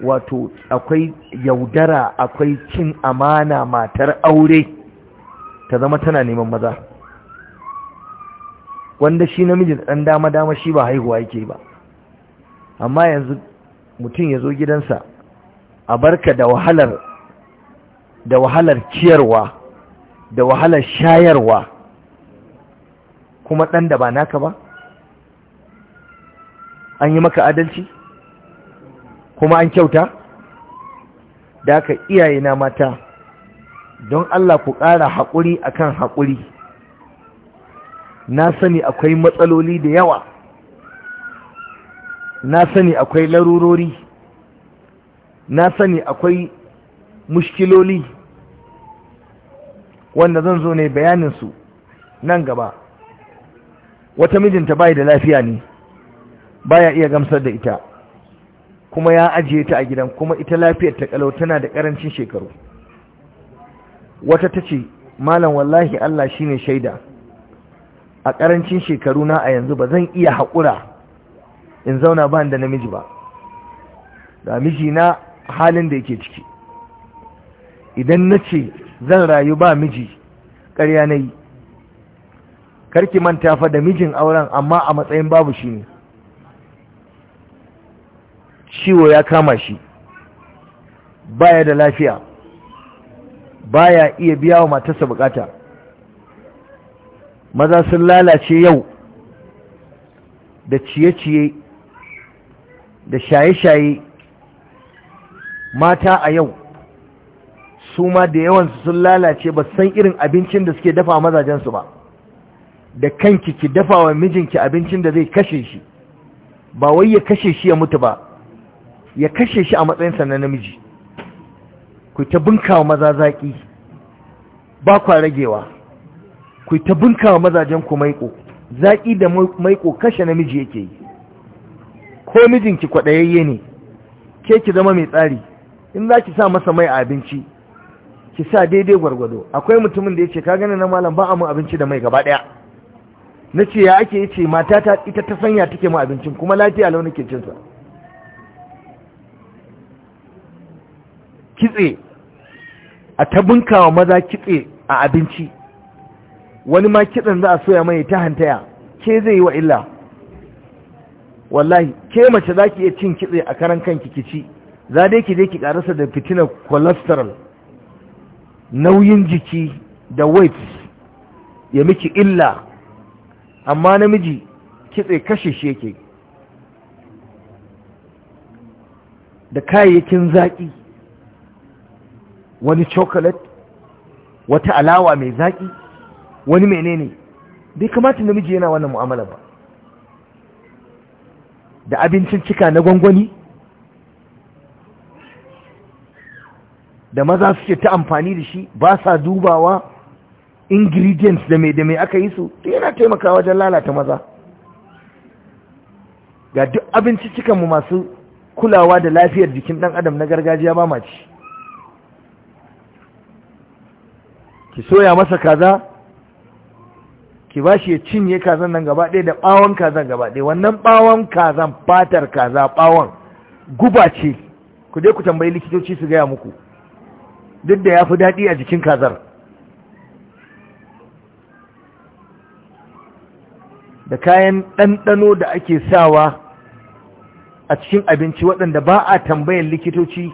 wato akwai yaudara akwai cin amana matar aure ta zama tana neman maza wanda shi namiji da ɗan dama-dama shi ba haihuwa yake ba amma yanzu mutum ya zo gidansa a barka da wahalar da wahalar ciyarwa da wahalar shayarwa kuma ɗan da ba naka ba an yi maka adalci kuma an kyauta da aka iyaye na mata don Allah ku ƙara haƙuri akan haƙuri na sani akwai matsaloli da yawa na sani akwai larurori na sani akwai mushkiloli wanda zan zo ne bayanin su nan gaba wata mijinta bai da lafiya ne baya iya gamsar da ita kuma ya ajiye ta a gidan kuma ita lafiyar ta kalau tana da karancin shekaru wata ta ce, malam wallahi Allah shine shaida a karancin shekaru na a yanzu ba zan iya haƙura in zauna ba da namiji ba da miji na halin da yake ciki idan na ce zan rayu ba miji ƙarya na yi karki manta fa da mijin auren amma a matsayin babu shi ne ciwo ya kama shi baya da lafiya baya iya biya wa matarsa bukata maza sun lalace yau da ciye-ciye da shaye-shaye mata a yau su ma da yawansu sun lalace ba san irin abincin da suke dafa mazajensu ba da kanki ki dafa wa mijinki abincin da zai kashe shi ba wai ya kashe shi ya mutu ba ya kashe shi a matsayinsa na namiji ku ta bunkawa maza zaƙi ba kwa ragewa ku ta bunkawa mazajen ku maiƙo, zaƙi da maiƙo kashe namiji yake yi ko mijinki kwaɗayayye ne ke ki zama mai tsari in za ki sa masa mai abinci ki sa daidai gwargwado akwai mutumin da ya ce ka gani na malam ba a mun abinci da mai gaba ɗaya na ce ya ake ce mata ta ita ta sanya take mu abincin kuma lafiya lau kicinsa kitse a ta bunkawa maza kitse a abinci wani ma kitsen za a soya mai ta hantaya ke zai yi wa illa wallahi ke mace za ki iya cin kitse a karan kanki kici za dai ki je ki karasa da fitina cholesterol nauyin jiki da weight ya miki illa amma namiji kitse kashe shi yake da kayayyakin zaƙi wani chocolate wata alawa mai zaƙi wani menene bai kamata namiji yana wannan mu'amala ba da abincin cika na gwangwani da maza suke ta amfani da shi ba sa dubawa ingredients da mai da mai aka yi su yana taimakawa wajen lalata maza ga duk abinci mu masu kulawa da lafiyar jikin dan adam na gargajiya ba maci ki soya masa kaza ki ba shi ya cinye kazan nan gaba ɗaya da ɓawon kazan gaba ɗaya wannan ɓawon kazan fatar kaza ɓawon guba ce ku je ku tambayi likitoci su gaya muku duk da ya fi daɗi a jikin kazar da kayan ɗanɗano da ake sawa a cikin abinci waɗanda ba a tambayar likitoci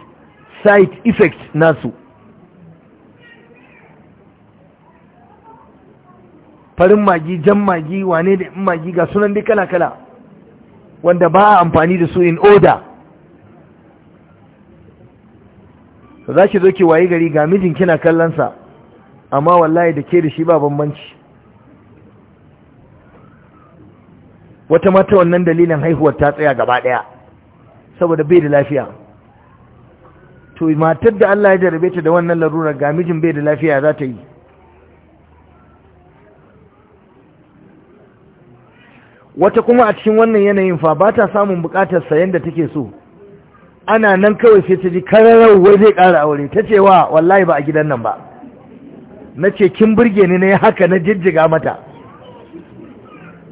side effect nasu farin magi jan magi wane da in magi ga sunan dai kala-kala wanda ba a amfani da su in order za ki zo ki wayi gari ga mijin kina kallonsa amma wallahi da ke da shi ba bambanci wata mata wannan dalilin haihuwar ta tsaya gaba daya saboda bai da lafiya to matar da Allah ya jarabe ta da wannan larurar ga mijin bai da lafiya za ta yi wata kuma a cikin wannan yanayin fa ba ta samun bukatar sayan da take so ana nan kawai sai ta ji kararau wai zai ƙara aure ta ce wa wallahi ba a gidan nan ba na ce kin burge ni na yi haka na jijjiga mata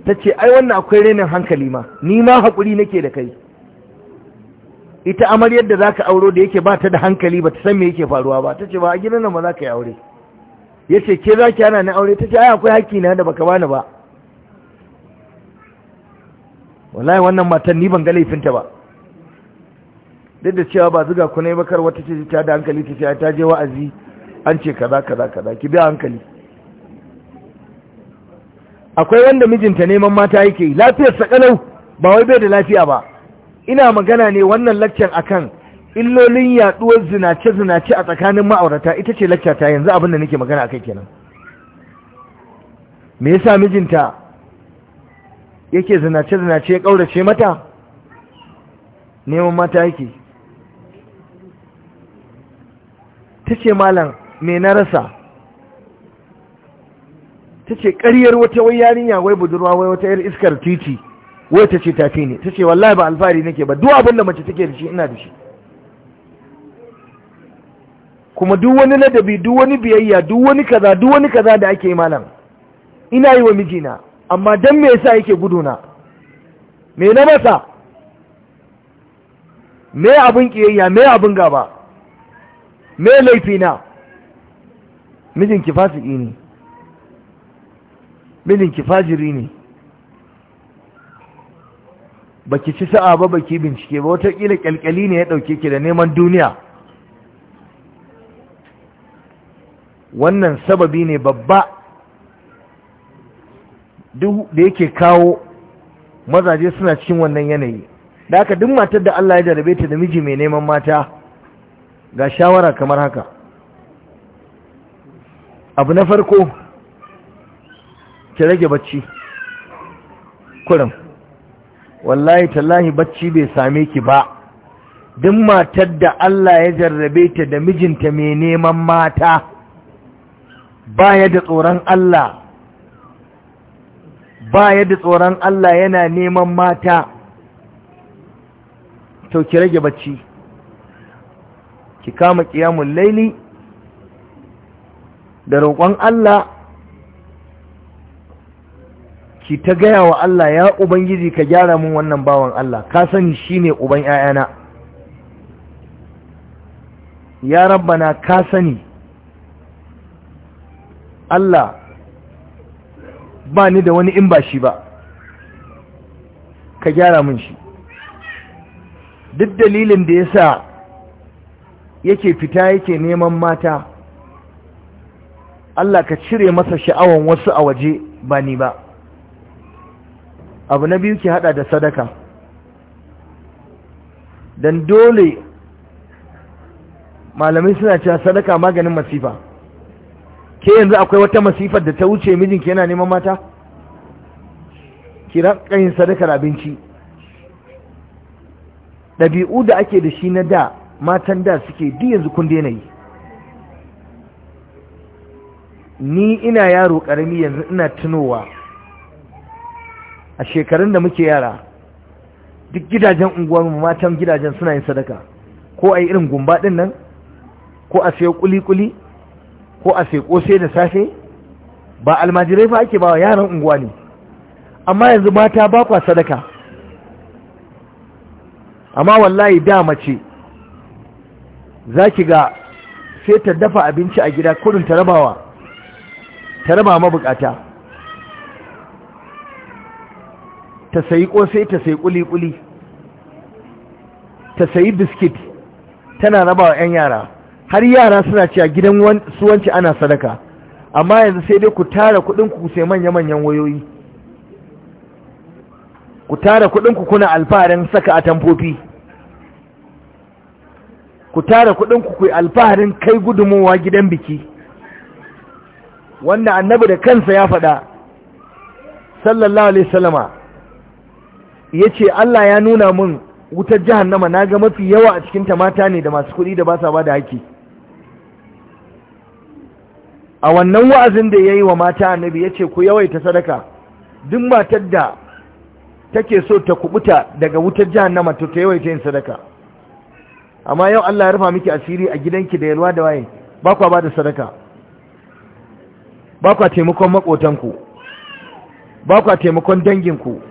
ta ce ai wannan akwai renin hankali ma ni ma haƙuri nake da kai ita amaryar da ka auro da yake ba ta da hankali ba ta san me yake faruwa ba ta ce ba a gidan nan ba za ka yi aure ya ce ke za ki ana ni aure ta ce ai akwai haƙƙi na da baka bani ba wallahi wannan matan ni ban ga laifinta ba duk da cewa ba zuga ku ne bakar wata ce ta da hankali ta ce ta je wa'azi an ce kaza kaza kaza ki bi hankali akwai wanda mijinta neman mata yake lafiyar sa kalau ba wai bai da lafiya ba ina magana ne wannan laccan akan illolin yaduwar zinace zinace a tsakanin ma'aurata ita ce lakcin ta yanzu abin da nake magana akai kenan me yasa mijinta yake zinace zinace ya kaurace mata neman mata yake ta ce malam me na rasa ta ce ƙaryar wata wai yarinya wai budurwa wai wata yar iskar titi wai ta ce tafi ne ta ce wallahi ba alfahari nake ba duk abin da mace take da shi ina da shi kuma duk wani ladabi duk wani biyayya duk wani kaza duk wani kaza da ake yi malam ina yi wa mijina amma dan me yasa yake guduna me na masa me abin kiyayya me abin gaba me laifina mijinki fasiki ne mijinki fajiri ne baki ci sa'a ba baki bincike ba watakila kyalkyali ne ya dauke ki da neman duniya wannan sababi ne babba duk da yake kawo mazaje suna cikin wannan yanayi da aka duk matar da Allah ya jarabe ta da miji mai neman mata ga shawara kamar haka abu na farko ki rage bacci kurin wallahi tallahi bacci bai same ki ba duk matar da Allah ya jarrabe ta da mijinta mai neman mata baya da tsoron Allah baya da tsoron Allah yana neman mata to ki rage bacci ki kama ƙiyamun laili da roƙon Allah ki ta gaya wa Allah ya Ubangiji ka gyara mun wannan bawan Allah ka sani shi ne uban ‘ya'yana ya rabbana ka sani Allah ba ni da wani in ba shi ba ka gyara min shi duk dalilin da ya sa yake fita yake neman mata Allah ka cire masa sha'awan wasu a waje ba ni ba abu na biyu ki hada da sadaka dan dole malamai suna cewa sadaka maganin masifa ke yanzu akwai wata masifar da ta wuce mijinki yana neman mata kira kayin sadakar abinci ɗabi'u da ake da shi na da matan da suke duk yanzu kun daina yi ni ina yaro karami yanzu ina tunowa a shekarun da muke yara duk gidajen mu matan gidajen suna yin sadaka ko a yi irin gumba ɗin nan ko a sai kuli-kuli ko a sayo kosai da safe ba almajirai fa ake ba wa yaran unguwa ne amma yanzu mata ba kwa sadaka amma wallahi da mace za ki ga sai ta dafa abinci a gida kudin ta rabawa ta raba mabukata ta sayi kosai ta sayi kuli-kuli ta sayi biskit tana rabawa 'yan yara har yara suna ci a gidan suwanci ana sadaka amma yanzu sai dai ku tara kudinku ku sai manya-manyan wayoyi ku tara kudinku kuna alfaharin saka a tamfofi ku tara kuɗin ku ku alfaharin kai gudunmowa gidan biki wanda annabi da kansa ya faɗa sallallahu alaihi salama ya ce Allah ya nuna mun wutar jahannama na ga mafi yawa a cikinta mata ne da masu kuɗi da ba sa ba da haƙƙi a wannan wa'azin da ya yi wa mata annabi ya ce ku yawaita sadaka duk matar da take so ta kubuta daga wutar jahannama to ta yawaita yin sadaka amma yau Allah ya rufa miki asiri a gidanki da yalwa da waye ba kwa ba da sadaka ba kwa taimakon makotanku ba kwa taimakon danginku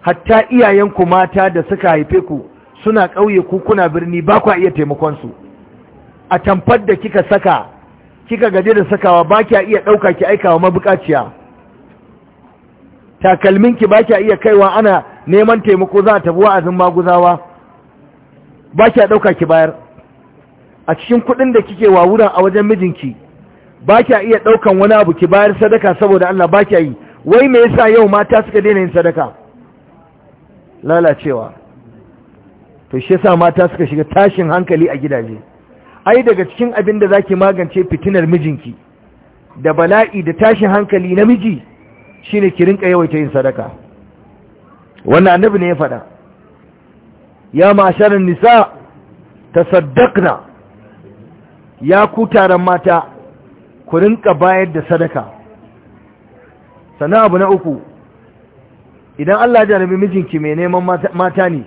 hatta iyayenku mata da suka haife ku suna ƙauye ku kuna birni ba kwa iya taimakonsu a tamfar da kika saka kika gaje da sakawa ba kya iya ɗauka ki aikawa mabukaciya takalminki ba kya iya kaiwa ana neman taimako za a tafi wa'azin maguzawa ba kya ɗauka ki bayar a cikin kuɗin da kike wa wurin a wajen mijinki ba kya iya ɗaukan wani abu ki bayar sadaka saboda Allah ba kya yi wai me yasa yau mata suka daina yin sadaka lalacewa to shi yasa mata suka shiga tashin hankali a gidaje ai daga cikin abin da zaki magance fitinar mijinki da bala'i da tashin hankali namiji shine ki rinka yawaita yin sadaka wannan annabi ne ya faɗa ya ma'asharin nisa ta tasaddaqna ya ku taron mata ku rinka bayar da sadaka sannan abu na uku idan Allah ya jarabi mijinki mai neman mata ne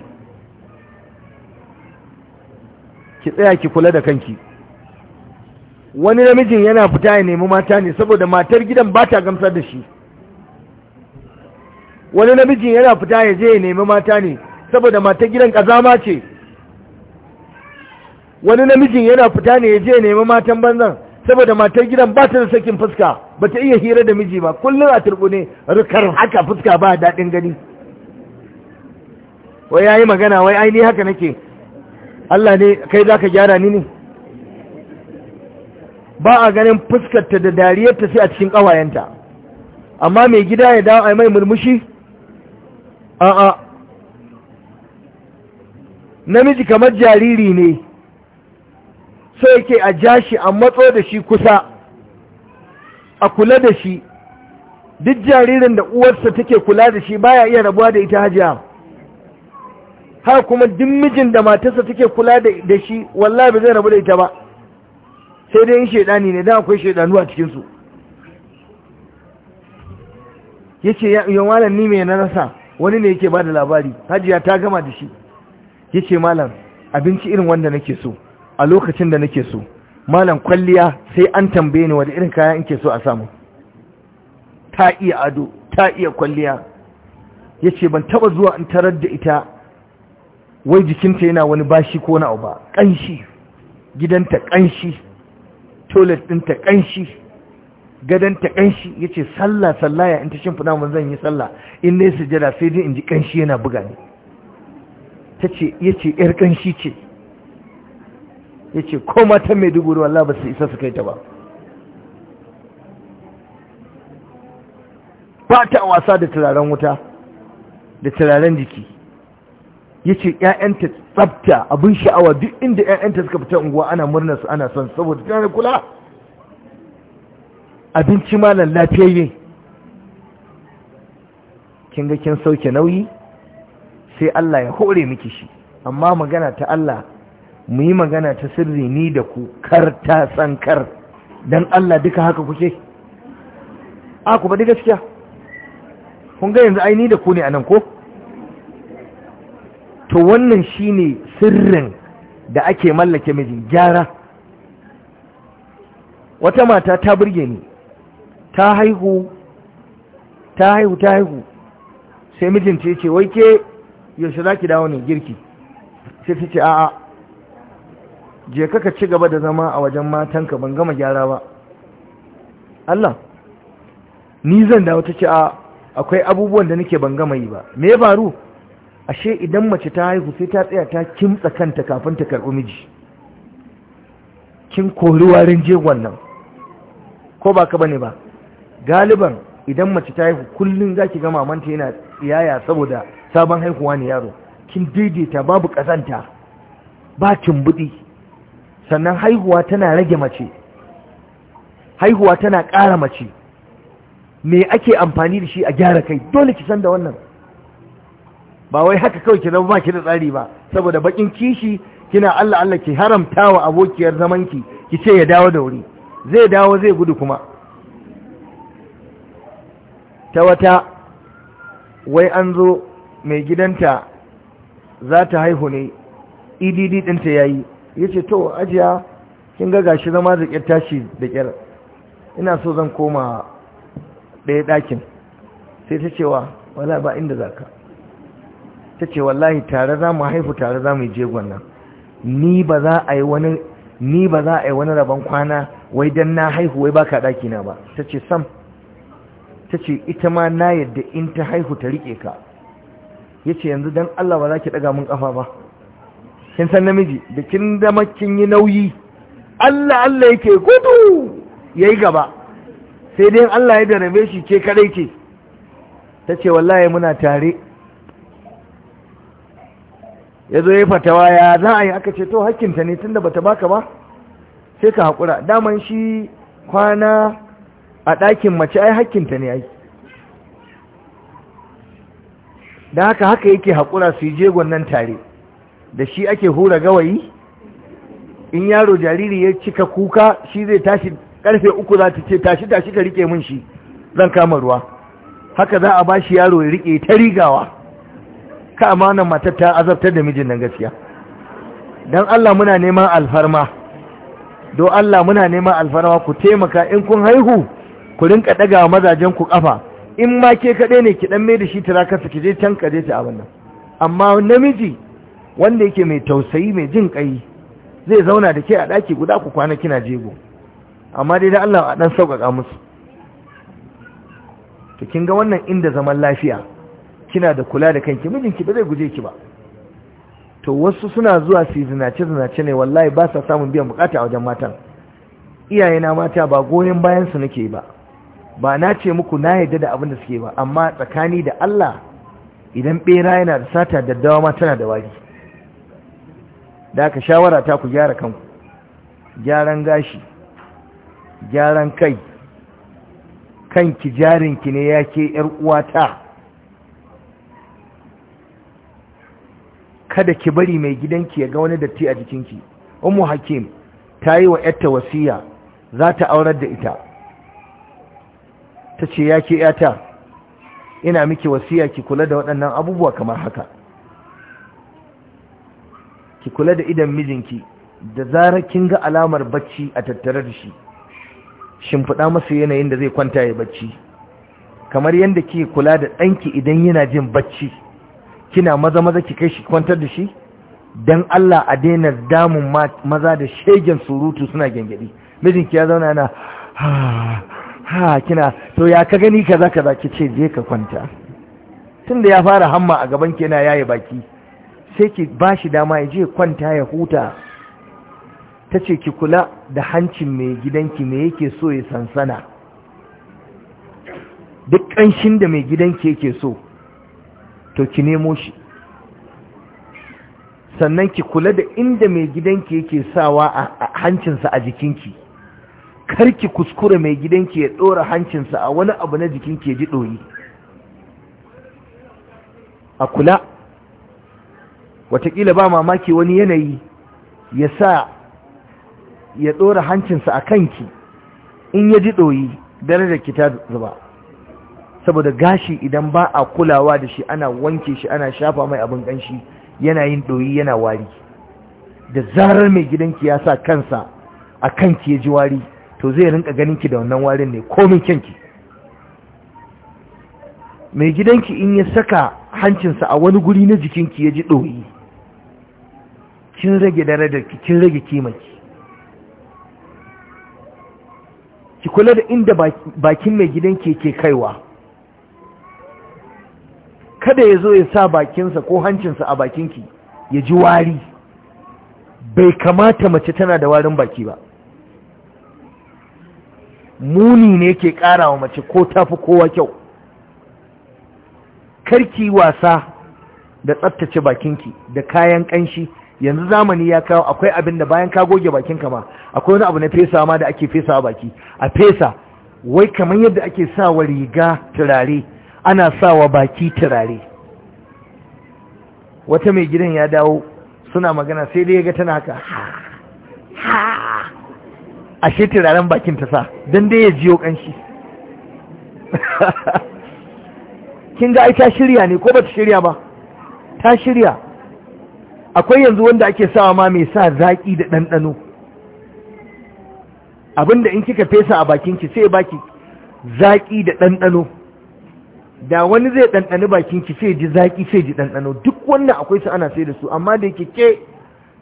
ki tsaya ki kula da kanki wani namijin yana fita ya nemi mata ne saboda matar gidan ba ta gamsar da shi wani namijin yana fita ya je ya nemi mata ne saboda matar gidan kazama ce wani namijin yana fita ne ya je nemi matan banzan saboda matar gidan ba ta da sakin fuska ba ta iya hira da miji ba kullum a turbune rukar haka fuska ba daɗin gani wai ya yi magana wai aini haka nake Allah ne kai za ka gyara ni ne ba a ganin fuskarta da dariyarta sai a cikin ƙawayenta amma mai gida ya dawo a mai murmushi a'a namiji kamar jariri ne sai yake a ja shi a matso da shi kusa a kula da shi duk jaririn da uwarsa take kula da shi baya iya rabuwa da ita hajiya ha kuma duk mijin da matarsa take kula da shi wallahi ba zai rabu da ita ba sai dai in shaidani ne dan akwai shaidanu a cikin su yace ya ni me na rasa wani ne yake bada labari hajiya ta gama da shi yace malam abinci irin wanda nake so a lokacin da nake so malam kwalliya sai an tambaye ni wani irin kaya nke so a samu ta iya ado ta iya kwalliya yace ban taba zuwa in tarar da ita wai jikinta yana wani bashi ko na ba kanshi gidanta kanshi toilet ɗinta kanshi gadanta kanshi yace sallah sallaya in ta shimfina mun zan yi sallah in nayi sujada sai dai in ji kanshi yana buga ne. ta ce ya ce ‘yar ƙanshi ce ya ko mata mai duguri wallah ba su isa su kai ta ba ba ta wasa da turaren wuta da turaren jiki yace ce ‘ya'yanta tsabta abin sha'awa duk inda ‘ya'yanta suka fita unguwa ana murna su ana son saboda tunanin kula abinci malam lafiyayye kin ga kin sauke nauyi sai Allah ya hore miki shi amma magana ta Allah mu yi magana ta sirri ni da ku kar ta san kar dan Allah duka haka kuke a ku faɗi gaskiya kun ga yanzu ai ni da ku ne anan ko to wannan shine sirrin da ake mallake miji gyara wata mata ta burge ni ta haihu ta haihu ta haihu sai mijinta ya ce wai ke yaushe za ki dawo ne girki sai ta ce a'a je kaka ci gaba da zama a wajen matanka ban gama gyara ba Allah ni zan dawo ta ce a akwai abubuwan da nake ban gama yi ba me faru ashe idan mace ta haihu sai ta tsaya ta kimtsa kanta kafin ta karɓi miji kin kori warin jegon nan ko ba ka bane ba galiban idan mace ta haihu kullum zaki gama manta yana tsiyaya saboda sabon haihuwa ne yaro kin daidaita babu ƙazanta ba kin buɗi sannan haihuwa tana rage mace haihuwa tana ƙara mace me ake amfani da shi a gyara kai dole ki san da wannan ba wai haka kawai ki zama ba ki da tsari ba saboda bakin kishi kina Allah Allah ki haramta wa abokiyar zamanki ki ce ya dawo da wuri zai dawo zai gudu kuma ta wata wai an zo mai gidanta za ta haihu ne idd e ɗinta ya yi ya ce to ajiya kin ga gashi zama da ƙyar tashi da ƙyar ina so zan koma ɗaya ɗakin sai ta cewa wala ba inda za ka ta ce wallahi tare za mu haifu tare za mu yi jegon nan ni ba za a yi wani ni ba za a yi wani rabon kwana wai don na haihu wai baka ɗakina ba ta ce sam ta ce ita ma na yadda in ta haihu ta riƙe ka ya ce yanzu don Allah ba za ki ɗaga mun kafa ba kin san namiji da kin zama kin yi nauyi Allah Allah yake gudu ya yi gaba sai dai Allah ya darabe shi ke kadai ke, ta ce wallahi muna tare ya zo ya fatawa ya za a yi aka ce to hakkinta ne tun da bata baka ba sai ka haƙura daman shi kwana a ɗakin mace ai hakkinta ne ai da haka haka yake haƙura su yi jegon nan tare da shi ake hura gawayi in yaro jariri ya cika kuka shi zai tashi karfe uku za ta ce tashi tashi ka rike mun shi zan kama ruwa haka za a ba shi yaro ya rike ta rigawa ka amanan matar ta azabtar da mijin nan gaskiya don Allah muna neman alfarma don Allah muna neman alfarma ku taimaka in kun haihu ku rinka daga mazajen ku kafa in ma ke kaɗai ne ki ɗan mai da shi tirakarsa ki je can ka je ta abin nan amma namiji wanda yake mai tausayi mai jin ƙai zai zauna da ke a ɗaki guda ku kwana kina jego amma dai da Allah a ɗan sauƙaƙa musu to kin ga wannan inda zaman lafiya kina da kula da kanki mijinki ba zai guje ki ba to wasu suna zuwa su zinace zinace ne wallahi ba sa samun biyan bukata a wajen matan iyayena mata ba goyon bayan su nake ba ba na ce muku na yadda da abin da suke ba amma tsakani da Allah idan bera yana da sata daddawa ma tana da wari da aka shawara ta ku gyara kanku gyaran gashi gyaran kai kanki jarinki ne ya ke ‘yar uwata kada ki bari mai gidanki ya ga wani datti a jikinki umu hakim ta yi wa ‘yarta wasiya za ta aurar da ita ta ce ya ke yata ina miki wasiya ki kula da waɗannan abubuwa kamar haka ki kula da idan mijinki da zarar kin ga alamar bacci a tattare da shi shimfiɗa masa yanayin da zai kwanta ya bacci kamar yadda ke kula da ɗanki idan yana jin bacci kina maza maza ki kai shi kwantar da shi don Allah a daina damun maza da shegen surutu suna gyangyaɗi mijinki ya zauna yana ah, ha kina to ya ka gani kaza kaza ki ce je ka kwanta tun da ya fara hamma a gaban ki yana yaye baki sai ki ba shi dama ya je kwanta ya huta ta ce ki kula da hancin mai gidanki me yake so ya sansana duk ƙanshin da mai gidanki yake so to ki nemo shi sannan ki kula da inda mai gidanki yake sawa a hancinsa a jikinki karki kuskure mai gidanki ya ɗora hancinsa a wani abu na jikin ya ji ɗoyi a kula watakila ba mamaki wani yanayi ya sa ya ɗora hancinsa a kanki in ya ji ɗoyi darajarki ta zuba saboda gashi idan ba a kulawa da shi ana wanke shi ana shafa mai abin ƙanshi yana yin ɗoyi yana wari da zarar mai gidanki ya sa kansa a kanki ya ji wari to zai rinka ganin ki da wannan warin ne komin kyanki mai gidanki in ya saka hancinsa a wani guri na jikinki ya ji ɗoyi kin rage darajarki kin rage kimanki ki kula da inda bakin mai gidanki ke kaiwa kada ya zo ya sa bakinsa ko hancinsa a bakinki ya ji wari bai kamata mace tana da warin baki ba muni ne ke ƙara wa mace ko tafi kowa kyau karki wasa da tsabtace bakinki da kayan ƙanshi yanzu zamani ya kawo akwai abin da bayan ka goge bakinka ma akwai wani abu na fesa ma da ake fesa a baki a fesa wai kamar yadda ake sawa riga turare ana sawa baki turare wata mai gidan ya dawo suna magana sai dai ya ga tana haka ha ha ashe turaren bakin ta sa don dai ya jiyo kanshi kin ga shirya ne ko ba ta shirya ba ta shirya akwai yanzu wanda ake sawa ma mai sa zaki da ɗanɗano abinda in kika fesa a bakinki sai baki zaki da ɗanɗano da wani zai ɗanɗani bakinki sai ji zaki sai ji ɗanɗano duk wannan akwai su ana sai da su amma da kike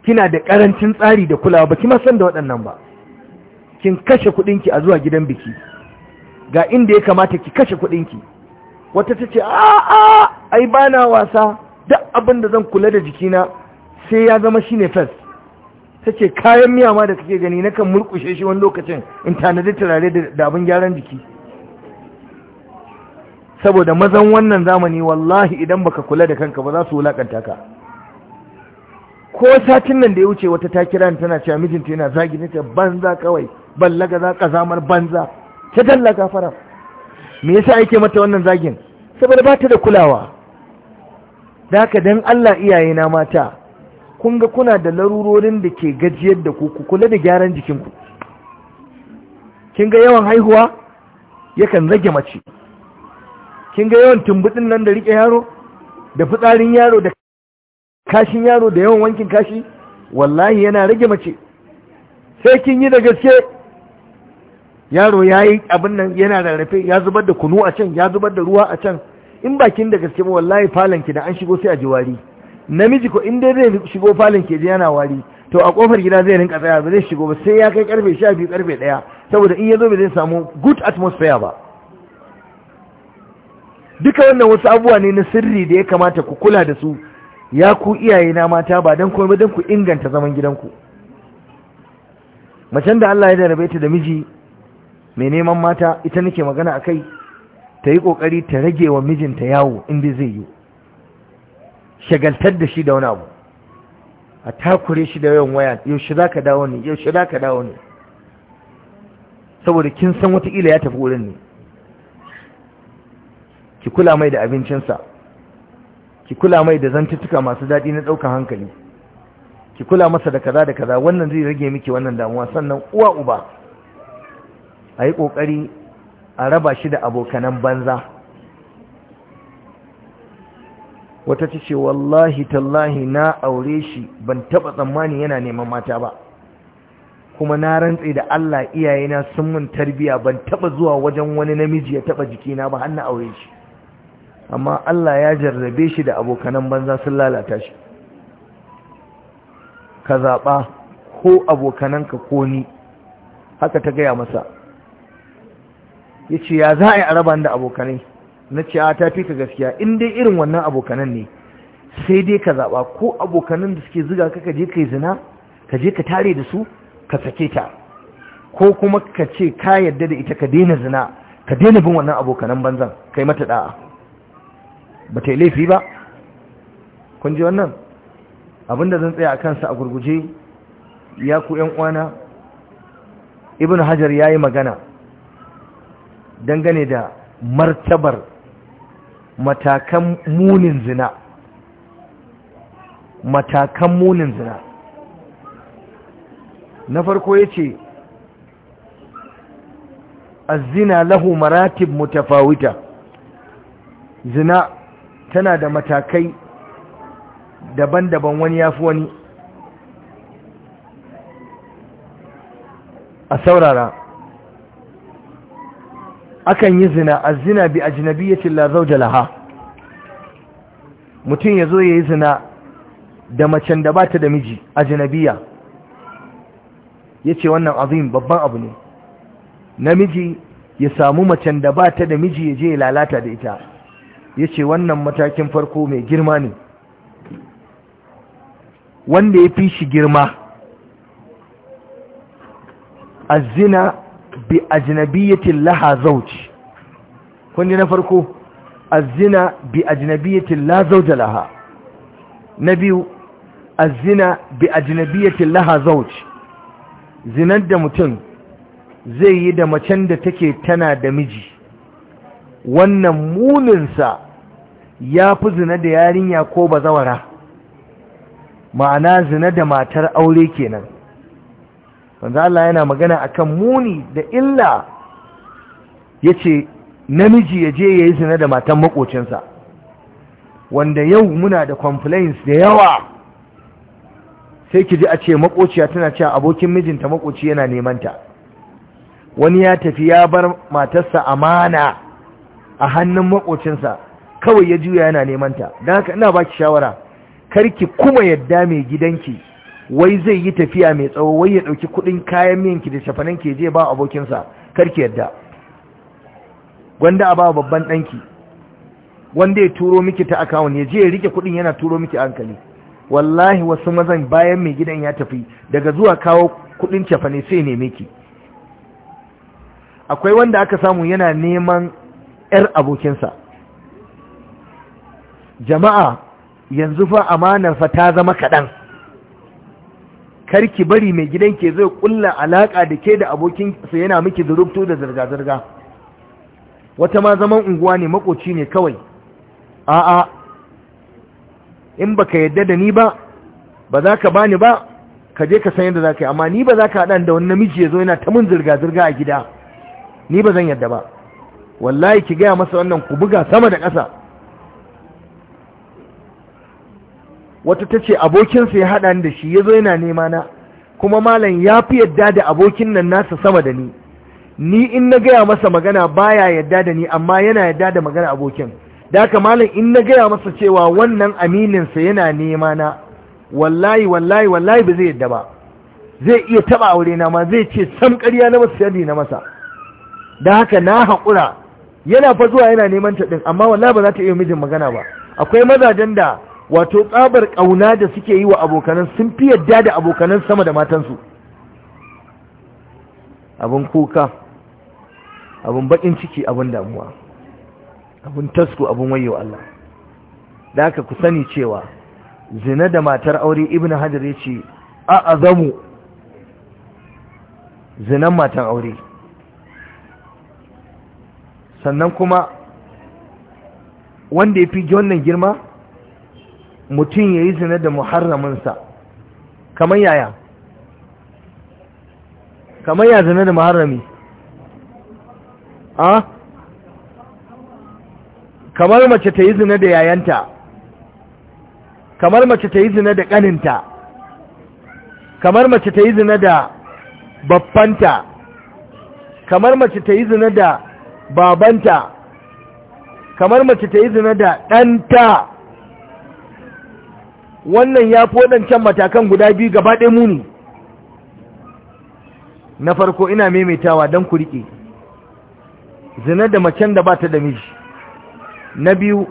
kina da ƙarancin tsari da kulawa baki ma san da waɗannan ba kin kashe kuɗinki a zuwa gidan biki ga inda ya kamata ki kashe kuɗinki wata ta ce a'a ai ba wasa duk abin da zan kula da jikina sai ya zama shi ne fes ta ce kayan miya ma da kake gani na kan murkushe shi wani lokacin in tanadi turare da abin gyaran jiki saboda mazan wannan zamani wallahi idan baka kula da kanka ba za su wulakanta ka ko satin nan da ya wuce wata ta kira tana cewa mijinta yana zagi ta banza kawai ballaga za kazamar banza ta dalla gafara me yasa ake mata wannan zagin saboda ba ta da kulawa da haka dan Allah iyaye na mata kun ga kuna da larurorin da ke gajiyar da ku ku kula da gyaran jikinku kin ga yawan haihuwa yakan rage mace kin ga yawan tumbudin nan da rike yaro da fitsarin yaro da kashin yaro da yawan wankin kashi wallahi yana rage mace sai kin yi da gaske yaro ya yi abin nan yana rarrafe ya zubar da kunu a can ya zubar da ruwa a can in bakin da gaske wallahi falon ki da an shigo sai a ji wari namiji ko in dai zai shigo falon ki ji yana wari to a kofar gida zai rinka tsaya ba zai shigo ba sai ya kai karfe biyu karfe ɗaya saboda in ya zo ba zai samu good atmosphere ba duka wannan wasu abubuwa ne na sirri da ya kamata ku kula da su ya ku iyaye na mata ba dan komai dan ku inganta zaman gidanku macen da Allah ya jarabe ta da miji mai neman mata ita nake magana a kai ta yi ƙoƙari ta rage wa mijinta yawo inda zai yi shagaltar da shi da wani abu a takure shi da yawan waya yaushe za ka dawo ne yaushe za ka dawo ne saboda kin san watakila ya tafi wurin ne ki kula mai da abincinsa ki kula mai da zantuttuka masu daɗi na ɗaukar hankali ki kula masa da kaza da kaza wannan zai rage miki wannan damuwa sannan uwa uba a yi ƙoƙari a raba shi da abokanan banza wata ce wallahi tallahi na aure shi ban taɓa tsammani yana neman mata ba kuma na rantse da Allah iyayena sun mun tarbiya ban taba zuwa wajen wani namiji ya taba jikina ba har na aure shi amma Allah ya jarrabe shi da abokanan banza sun lalata shi ka zaɓa ko abokananka ko ni haka ta gaya masa ya ce ya za a yi a raba da abokanai na ce a ta fi ka gaskiya in dai irin wannan abokanan ne sai dai ka zaɓa ko abokanan da suke ziga ka je ka yi zina ka je ka tare da su ka sake ta ko kuma ka ce ka yadda da ita ka daina zina ka daina bin wannan abokanan banzan kai mata da'a ba ta yi laifi ba kun ji wannan abinda zan tsaya a kansa a gurguje ya ku yan uwana ibn hajar ya yi magana dangane da martabar matakan munin zina matakan munin zina na farko ya ce azina lahu maratib mutafawita zina tana da matakai daban-daban wani ya fi wani a saurara akan yi zina a zina bi ajnabiyyatin la da laha mutum ya zo ya yi zina da macen da ba ta da miji a Ya ce wannan abin babban abu ne namiji ya samu macen da ba ta da miji ya je lalata da ita Ya ce wannan matakin farko mai girma ne wanda ya fi shi girma a zina. bi ajnabiyatin laha zauji kundi na farko azina bi ajnabiyatin la zauja laha na biyu azina bi ajnabiyatin laha zauji zinar da mutum zai yi da macen da take tana da miji wannan muninsa ya fi zina da yarinya ko ba zawara, ma'ana zina da matar aure kenan wanda Allah yana magana a kan muni da illa yace namiji ya je yayi zina da matan makocinsa wanda yau muna da complaints da yawa sai ki ji a ce makociya tana cewa abokin mijinta makoci yana nemanta. wani ya tafi ya bar matarsa amana a hannun makocinsa kawai ya juya yana nemanta. don haka ina baki shawara karki kuma yadda mai gidanki wai zai yi tafiya mai tsawo wai ya ɗauki kuɗin kayan miyanki da shafanan ke je ba abokinsa karki yadda gwanda a ba babban ɗanki wanda ya turo miki ta akawun ya je ya rike kuɗin yana turo miki hankali wallahi wasu mazan bayan mai gidan ya tafi daga zuwa kawo kuɗin shafane sai ne miki akwai wanda aka samu yana neman 'yar abokinsa jama'a yanzu fa amanar fa ta zama kaɗan karki bari mai gidan ke zai kulla alaka da ke da abokin yana miki zurubtu da zirga-zirga wata ma zaman unguwa ne makoci ne kawai a'a in baka yadda da ni ba ba za ka bani ba ka je ka san yadda za ka yi amma ni ba za ka haɗa da wani namiji ya zo yana ta mun zirga-zirga a gida ni ba zan yadda ba wallahi ki gaya masa wannan ku buga sama da ƙasa wata ta ce abokinsa ya haɗa ni da shi ya zo yana nema na kuma malam ya fi yadda da abokin nan nasa sama da ni ni in na gaya masa magana baya yadda da ni amma yana yadda da magana abokin da haka malam in na gaya masa cewa wannan amininsa yana nema na wallahi wallahi wallahi ba zai yadda ba zai iya taba aure na ma zai ce sam ƙarya na masa yadda na masa da haka na haƙura yana fa zuwa yana neman ta din amma wallahi ba za ta iya mijin magana ba akwai mazajen da wato tsabar ƙauna da suke yi wa abokanan sun fi yadda da abokanan sama da matansu abin kuka abin bakin ciki abin damuwa abin tasku abin wayo Allah da aka ku sani cewa zina da matar aure ibn hajar ya ce a azamu zinan matan aure sannan kuma wanda ya fi wannan girma mutum ya yi zina da muharraminsa kamar yaya kamar ya zina da muharrami a ah? kamar mace ta yi zina da yayanta kamar mace ta yi zina da ƙaninta kamar mace ta yi zina da babbanta kamar mace ta yi zina da babanta kamar mace ta yi zina da ɗanta wannan ya fi waɗancan matakan guda biyu gaba ɗaya muni na farko ina maimaitawa don ku riƙe zinar da macen da ba ta da miji na biyu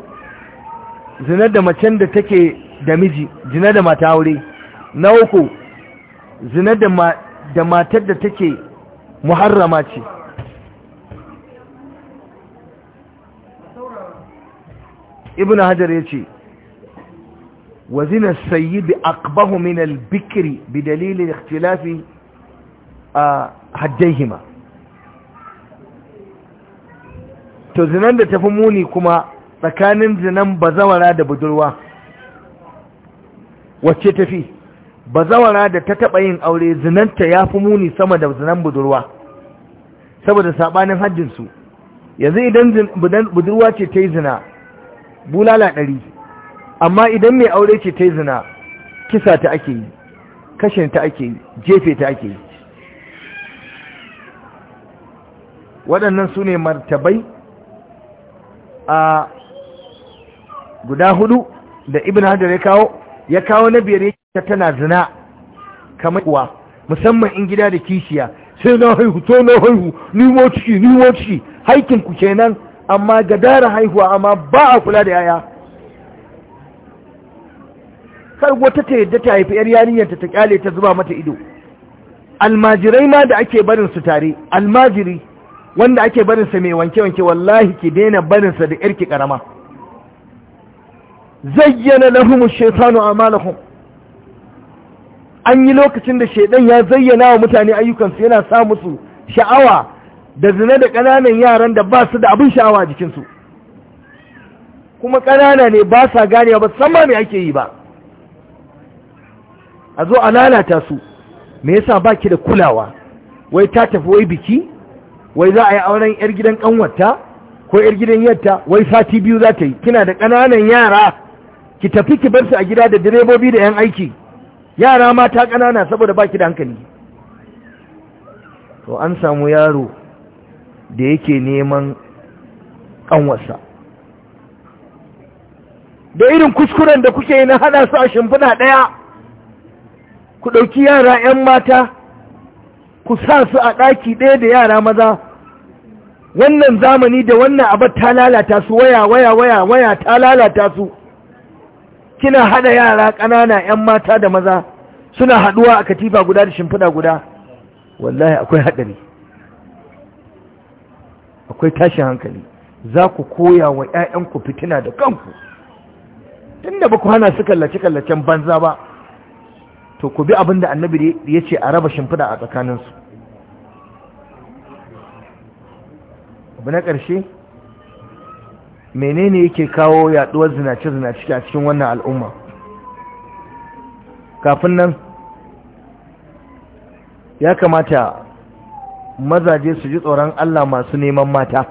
zinar da macen da take da miji zinar da mata aure na uku zinar da matar da take muharrama ce ibn hajar ya ce وزن السيد أقبه من البكر بدليل اختلاف حجيهما to zinan da tafi muni kuma tsakanin zinan bazawara da budurwa wacce tafi bazawara da ta taɓa yin aure zinanta ya fi muni sama da zinan budurwa saboda saɓanin hajjinsu yanzu idan budurwa ce ta yi zina bulala ɗari amma idan mai aure ce ta yi zina kisa ta ake yi kashin ta ake yi jefe ta ake yi waɗannan su ne martabai a guda hudu da ibn hajar ya kawo ya kawo na biyar ya tana zina kamar kuwa musamman in gida da kishiya sai na haihu to na haihu ni ciki ni ciki haikin ku kenan amma gadara haihuwa amma ba a kula da yaya kar wata ta yadda ta haifi yar yarinyar ta kyale ta zuba mata ido almajirai ma da ake barin su tare almajiri wanda ake barin sa mai wanke wanke wallahi ki daina barin sa da yarki karama zayyana lahum ash-shaytanu a'malahum an yi lokacin da shaidan ya zayyana wa mutane ayyukansu yana sa musu sha'awa da zina da ƙananan yaran da ba su da abin sha'awa a jikinsu kuma ƙanana ne ba sa ganewa ba san ma me ake yi ba a zo a lalata su me yasa baki da kulawa wai ta tafi wai biki wai za a yi auren yar gidan kanwarta ko yar gidan yarta wai sati biyu za ta yi kina da ƙananan yara ki tafi ki bar su a gida da direbobi da yan aiki yara mata ƙanana saboda baki da hankali to an samu yaro da yake neman kanwarsa da irin kuskuren da kuke yi na hada su a shimfiɗa ɗaya ku ɗauki yara 'yan mata ku sa su a ɗaki ɗaya da yara maza wannan zamani da wannan abar ta lalata su waya waya waya waya ta lalata su kina hada yara ƙanana 'yan mata da maza suna haɗuwa a katifa guda da shimfiɗa guda wallahi akwai haɗari akwai tashin hankali za ku koya wa 'ya'yanku fitina da kanku tun da ba ku hana su kallace-kallacen banza ba to ku bi abin da annabi ya ce a raba shimfida a tsakaninsu abu na ƙarshe menene yake kawo yaɗuwar zinace-zinace a cikin wannan al'umma kafin nan ya kamata mazaje su ji tsoron Allah masu neman mata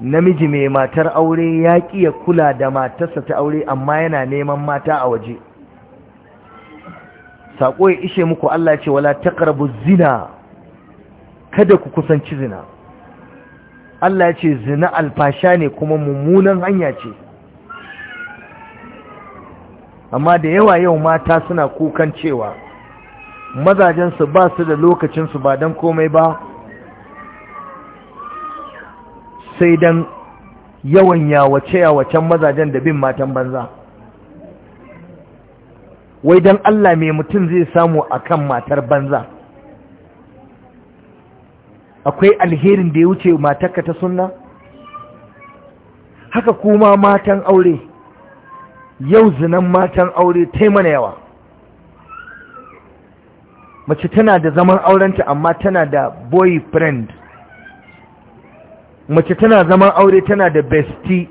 namiji mai matar aure ya ƙi ya kula da matarsa ta aure amma yana neman mata a waje Saƙo ya ishe muku Allah ce wala ƙarbu zina kada ku kusanci zina Allah ce zina alfasha ne kuma mummunan hanya ce amma da yawa yau mata suna kukan cewa mazajensu ba su da lokacinsu ba don komai ba sai don yawan yawace-yawacen mazajen da bin matan banza wai don Allah mai mutum zai samu a kan matar banza akwai alherin da ya wuce matarka ta sunna haka kuma matan aure yau zinan matan aure ta mana yawa mace tana da zaman aurenta amma tana da boyfriend mace tana zaman aure tana da bestie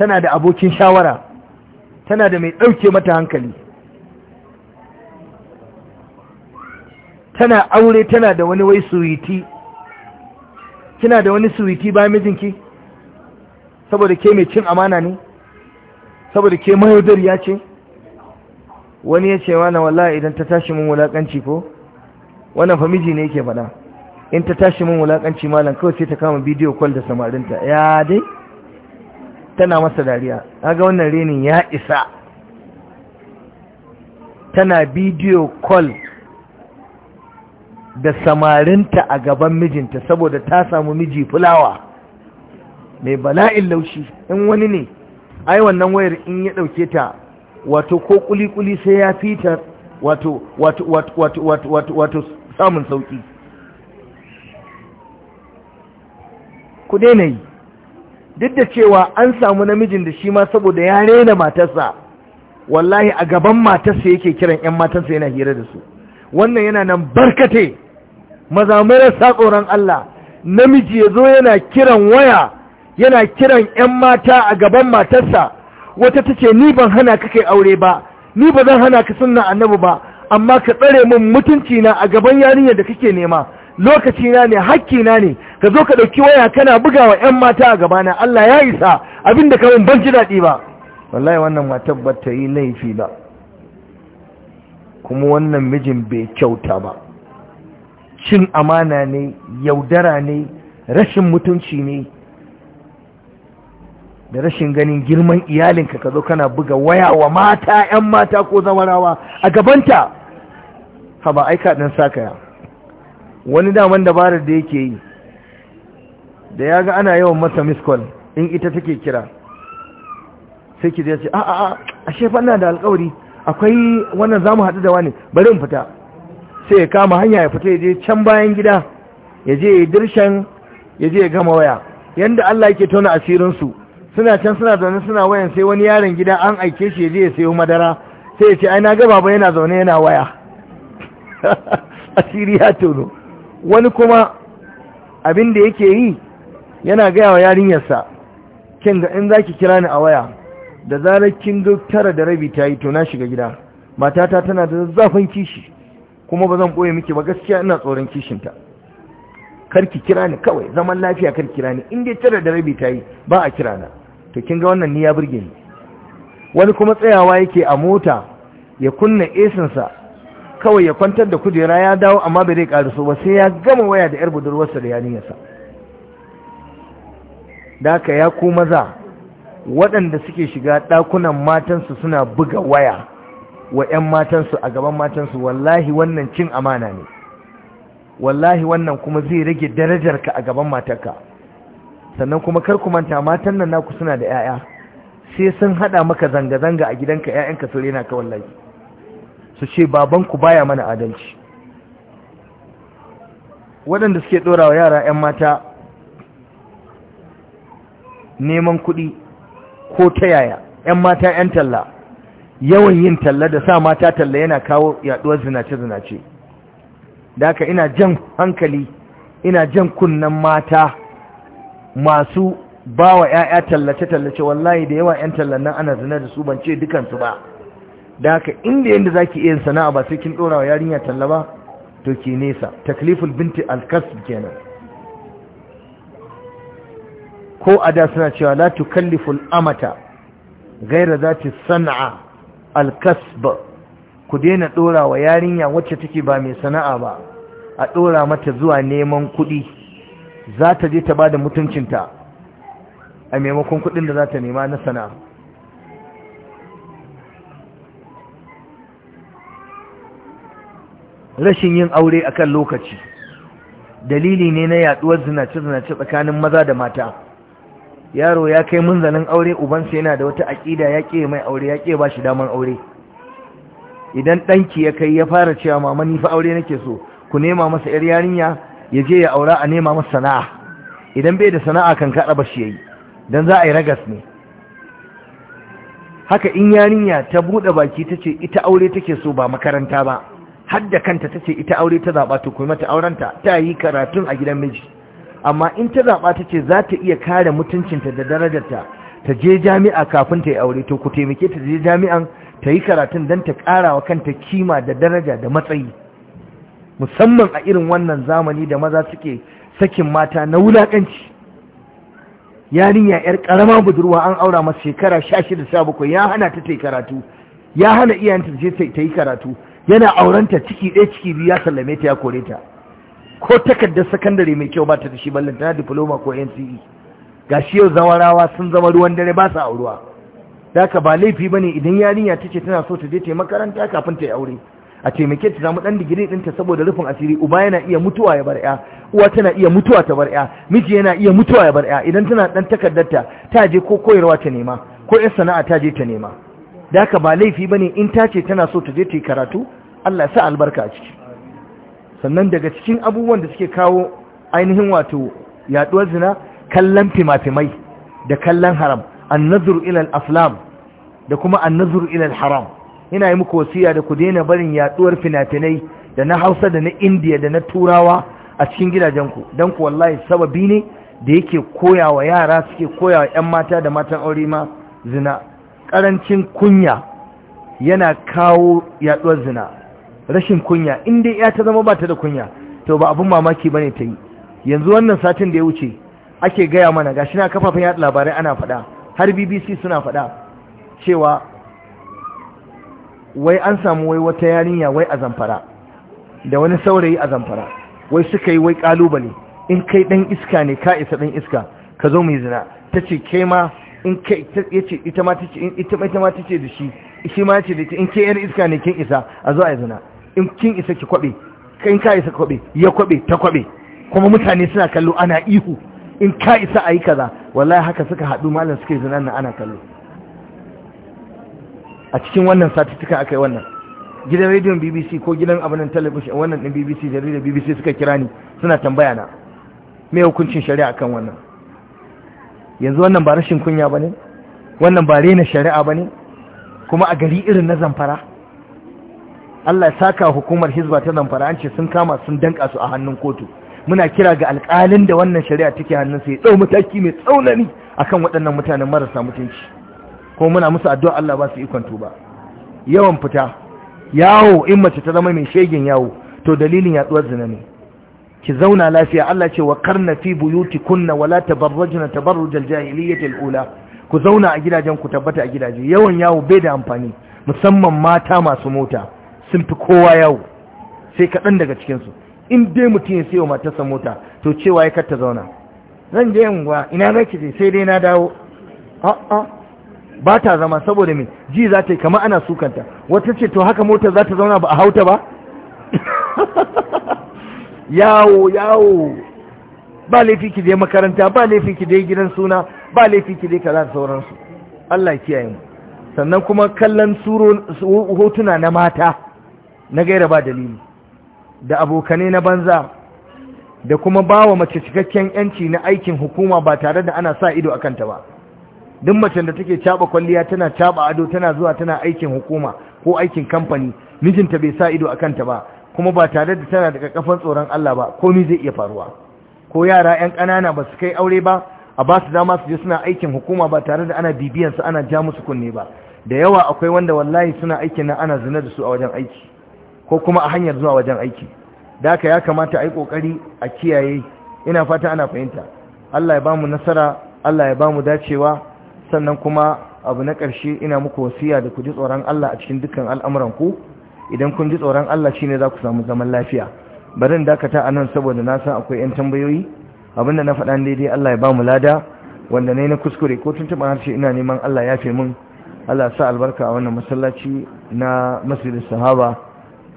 tana da abokin shawara tana da mai ɗauke mata hankali tana aure tana da wani wai suwiti kina da wani suwiti ba mijinki saboda ke mai cin amana ne saboda ke mayaudar ya ce wani ya ce wani wala idan ta tashi mun wulaƙanci ko wannan fa miji ne yake faɗa in ta tashi mun wulaƙanci malam kawai sai ta kama bidiyo kwal da samarinta ya dai tana masa dariya kaga wannan renin ya isa tana bidiyo call da samarinta a gaban mijinta saboda ta samu miji fulawa mai bala'in laushi in wani ne ai wannan wayar in ya ɗauke ta wato ko kuli-kuli sai ya fita wato wato wato wato wato wato wato samun sauki ku daina yi duk da cewa an samu namijin da shi ma saboda ya rena matarsa wallahi a gaban matarsa yake kiran 'yan matarsa yana hira da su wannan yana nan barkate maza marasa tsoron Allah namiji ya zo yana kiran waya yana kiran 'yan mata a gaban matarsa wata ta ce ni ban hana ka kai aure ba ni ba zan hana ka sunna annabi ba amma ka tsare min mutuncina a gaban yarinyar da kake nema Lokacina ne hakkina ne ka zo ka ɗauki waya kana bugawa 'yan mata a gabana Allah ya isa abinda ka ban ji daɗi ba wallahi wannan matar ba ta yi laifi ba kuma wannan mijin bai kyauta ba cin amana ne yaudara ne rashin mutunci ne da rashin ganin girman iyalinka ka zo kana buga waya wa mata 'yan mata ko zawarawa a gabanta haba aika ɗin sakaya wani daman dabarar da yake yi da ya ga ana yawan masa miskol in ita take kira sai ki zai ce a a a ashe na da alkawari akwai wannan zamu haɗu da wani bari in fita sai ya kama hanya ya fita ya je can bayan gida ya je ya dirshan ya je ya gama waya Yadda Allah yake tona asirin su suna can suna zaune suna wayan sai wani yaron gida an aike shi ya je ya sayo madara sai ya ce ai na ga baba yana zaune yana waya asiri ya tono wani kuma abin da yake yi yana gaya wa yarinyarsa kin ga in zaki kira ni a waya da zarar kin zo tara da rabi ta yi to na shiga gida matata tana da zafin kishi kuma ba zan ɓoye miki ba gaskiya ina tsoron kishinta karki kira ni kawai zaman lafiya kar kira ni in dai tara da rabi ta yi ba a kira na to kin ga wannan ni ya burge ni wani kuma tsayawa yake a mota ya kunna esinsa kawai ya kwantar da kujera ya dawo amma bai dai so ba sai ya gama waya da yar budurwarsa da yarinyarsa da ya ku maza waɗanda suke shiga ɗakunan matansu suna buga waya wa 'yan matansu a gaban matansu wallahi wannan cin amana ne wallahi wannan kuma zai rage darajarka a gaban matarka sannan kuma kar ku manta matan nan naku suna da 'ya'ya sai sun haɗa maka zanga-zanga a gidanka 'ya'yanka su rena ka wallahi su ce babanku baya mana adalci waɗanda suke ɗora wa yara 'yan mata neman kuɗi ko ta yaya 'yan mata 'yan talla yawan yin talla da sa mata talla yana kawo yaɗuwar zinace-zinace da haka ina jan hankali ina jan kunnen mata masu ba wa 'ya'ya tallace-tallace wallahi da yawa 'yan tallan nan ana zina da su ban ce dukansu ba da haka inda yadda za ki iya sana'a ba sai kin ɗora wa yarinya talla ba to ke nesa taklifin binti alkasb kenan ko a da suna cewa la tukalliful amata gaira za ta sana'a alkasba ku daina ɗora wa yarinya wacce take ba mai sana'a ba a ɗora mata zuwa neman kuɗi za ta je ta ba da mutuncinta a maimakon kuɗin da za ta nema na sana'a rashin yin aure akan lokaci dalili ne na yaduwar zinace-zinace tsakanin maza da mata yaro ya kai zanen aure ubansa yana da wata aƙida ya ƙe mai aure ya ƙe ba shi daman aure idan ɗanki ya kai ya fara cewa mama ni fa aure nake so ku nema masa yar yarinya ya je ya aura a nema masa sana'a idan bai da sana'a kan kaɗa ba shi yayi dan za a yi ragas ne haka in yarinya ta buɗe baki ta ce ita aure take so ba makaranta ba har da kanta ta ce ita aure ta zaɓa to kuma mata aurenta ta yi karatun a gidan miji amma in ta zaɓa ta ce za ta iya kare mutuncinta da darajarta ta je jami'a kafin ta yi aure to ku taimake ta je jami'an ta yi karatun don ta ƙara wa kanta kima da daraja da matsayi musamman a irin wannan zamani da maza suke sakin mata na wulaƙanci yarinya yar ƙarama budurwa an aura masa shekara sha shida sha bakwai ya hana ta ta yi karatu ya hana iyayenta ta je ta yi karatu yana aurenta ciki ɗaya ciki biyu ya sallame ta ya kore ta ko takardar sakandare mai kyau ba ta da shi ballanta na diploma ko nce ga shi yau zawarawa sun zama ruwan dare ba su auruwa da ka ba laifi bane idan yarinya ta ce tana so ta je ta makaranta kafin ta yi aure a taimake ta samu dan digiri din ta saboda rufin asiri uba yana iya mutuwa ya bar ya uwa tana iya mutuwa ta bar ya miji yana iya mutuwa ya bar ya idan tana dan takardar ta je ko koyarwa ta nema ko yan sana'a ta je ta nema da ka ba laifi ba ne in ta ce tana so ta je ta yi karatu Allah ya sa albarka a ciki sannan daga cikin abubuwan da suke kawo ainihin wato yaduwar zina kallon fimafimai da kallon haram annazur ilal aflam da kuma annazur ilal haram ina yi muku wasiya da ku daina barin yaduwar finafinai da na hausa da na indiya da na turawa a cikin gidajenku don ku wallahi sababi ne da yake koya wa yara suke koya wa 'yan mata da matan aure ma zina Karancin kunya yana kawo yaduwar zina rashin kunya in dai ya ta zama ba ta da kunya to ba abin mamaki bane ta yi yanzu wannan satin da ya wuce ake gaya mana gashi na kafafen yaɗa labarai ana faɗa har bbc suna faɗa cewa wai an samu wai wata yarinya wai a zamfara da wani saurayi a zamfara wai suka yi wai kalubale in kai dan iska ne ka isa dan iska ka zo mai zina ta ce kai ma in kai yace ita ma tace ita ma tace da shi shi ma ce da in kai yar iska ne kin isa a zo a yi zina in kin isa ki kwabe in ka isa kwabe ya kwabe ta kwabe kuma mutane suna kallo ana ihu in ka isa ayi kaza wallahi haka suka haɗu malam suke zinan nan ana kallo a cikin wannan satuttuka aka yi wannan gidan rediyon bbc ko gidan abunan talabishin wannan ɗin bbc jaridar bbc suka kira ni suna tambaya na me hukuncin shari'a akan wannan yanzu wannan ba rashin kunya ba ne wannan ba rena shari'a ba ne kuma a gari irin na zamfara Allah ya saka hukumar hizba ta zamfara an ce sun kama sun danka su a hannun kotu muna kira ga alƙalin da wannan shari'a take hannun sai tsau mataki mai tsaunani akan waɗannan mutanen marasa mutunci ko muna musu addu'a Allah ba su ikon tuba yawan fita yawo in mace ta zama mai shegen yawo to dalilin yaduwar zina ne ki zauna lafiya Allah ce wa karna fi kunna, wala tabarrajna tabarrujal jahiliyyati al-ula ku zauna a gidajen ku tabbata a gidaje yawan yawo bai da amfani musamman mata masu mota sun fi kowa yawo sai kaɗan daga cikinsu in dai mutum ya sayo matarsa mota to cewa ya karta zauna zan je wa ina za ki je sai dai na dawo a'a ba ta zama saboda me ji za ta yi kama ana sukanta wata ce to haka motar za ta zauna ba a hauta ba yawo yawo ba laifi ki je makaranta ba laifi ki je gidan suna ba laifi ki je kaza da sauransu Allah ya kiyaye mu sannan kuma kallon hotuna na mata na gaira ba dalili da abokane na banza da kuma ba wa mace cikakken yanci na aikin hukuma ba tare da ana sa ido a kanta ba duk macen da take caba kwalliya tana caba ado tana zuwa tana aikin hukuma ko aikin kamfani mijinta bai sa ido a kanta ba kuma ba tare da tana daga kafan tsoron Allah ba komai zai iya faruwa ko yara yan ƙanana ba su kai aure ba a ba su dama su je suna aikin hukuma ba tare da ana bibiyan su ana ja musu kunne ba da yawa akwai wanda wallahi suna aikin na ana zina da su a wajen aiki ko kuma a hanyar zuwa wajen aiki da ya kamata a yi ƙoƙari a kiyaye ina fata ana fahimta Allah ya bamu nasara Allah ya bamu dacewa sannan kuma abu na ƙarshe ina muku wasiya da ku ji tsoron Allah a cikin dukkan al'amuranku idan kun ji tsoron Allah shine za ku samu zaman lafiya bari in dakata a nan saboda na san akwai 'yan tambayoyi Abin da na faɗa daidai Allah ya bamu lada wanda na na kuskure ko tun tuntuɓa harshe ina neman Allah ya fi min Allah sa albarka a wannan masallaci na masjidin sahaba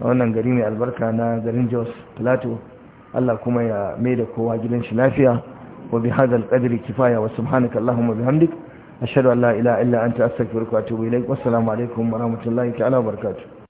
a wannan gari mai albarka na garin jos plateau allah kuma ya mai da kowa gidan shi lafiya wa bi hadha alqadri kifaya wa subhanaka allahumma bihamdik ashhadu an la ilaha illa anta astaghfiruka wa atubu ilaik wassalamu alaikum wa rahmatullahi ta'ala wa barakatuh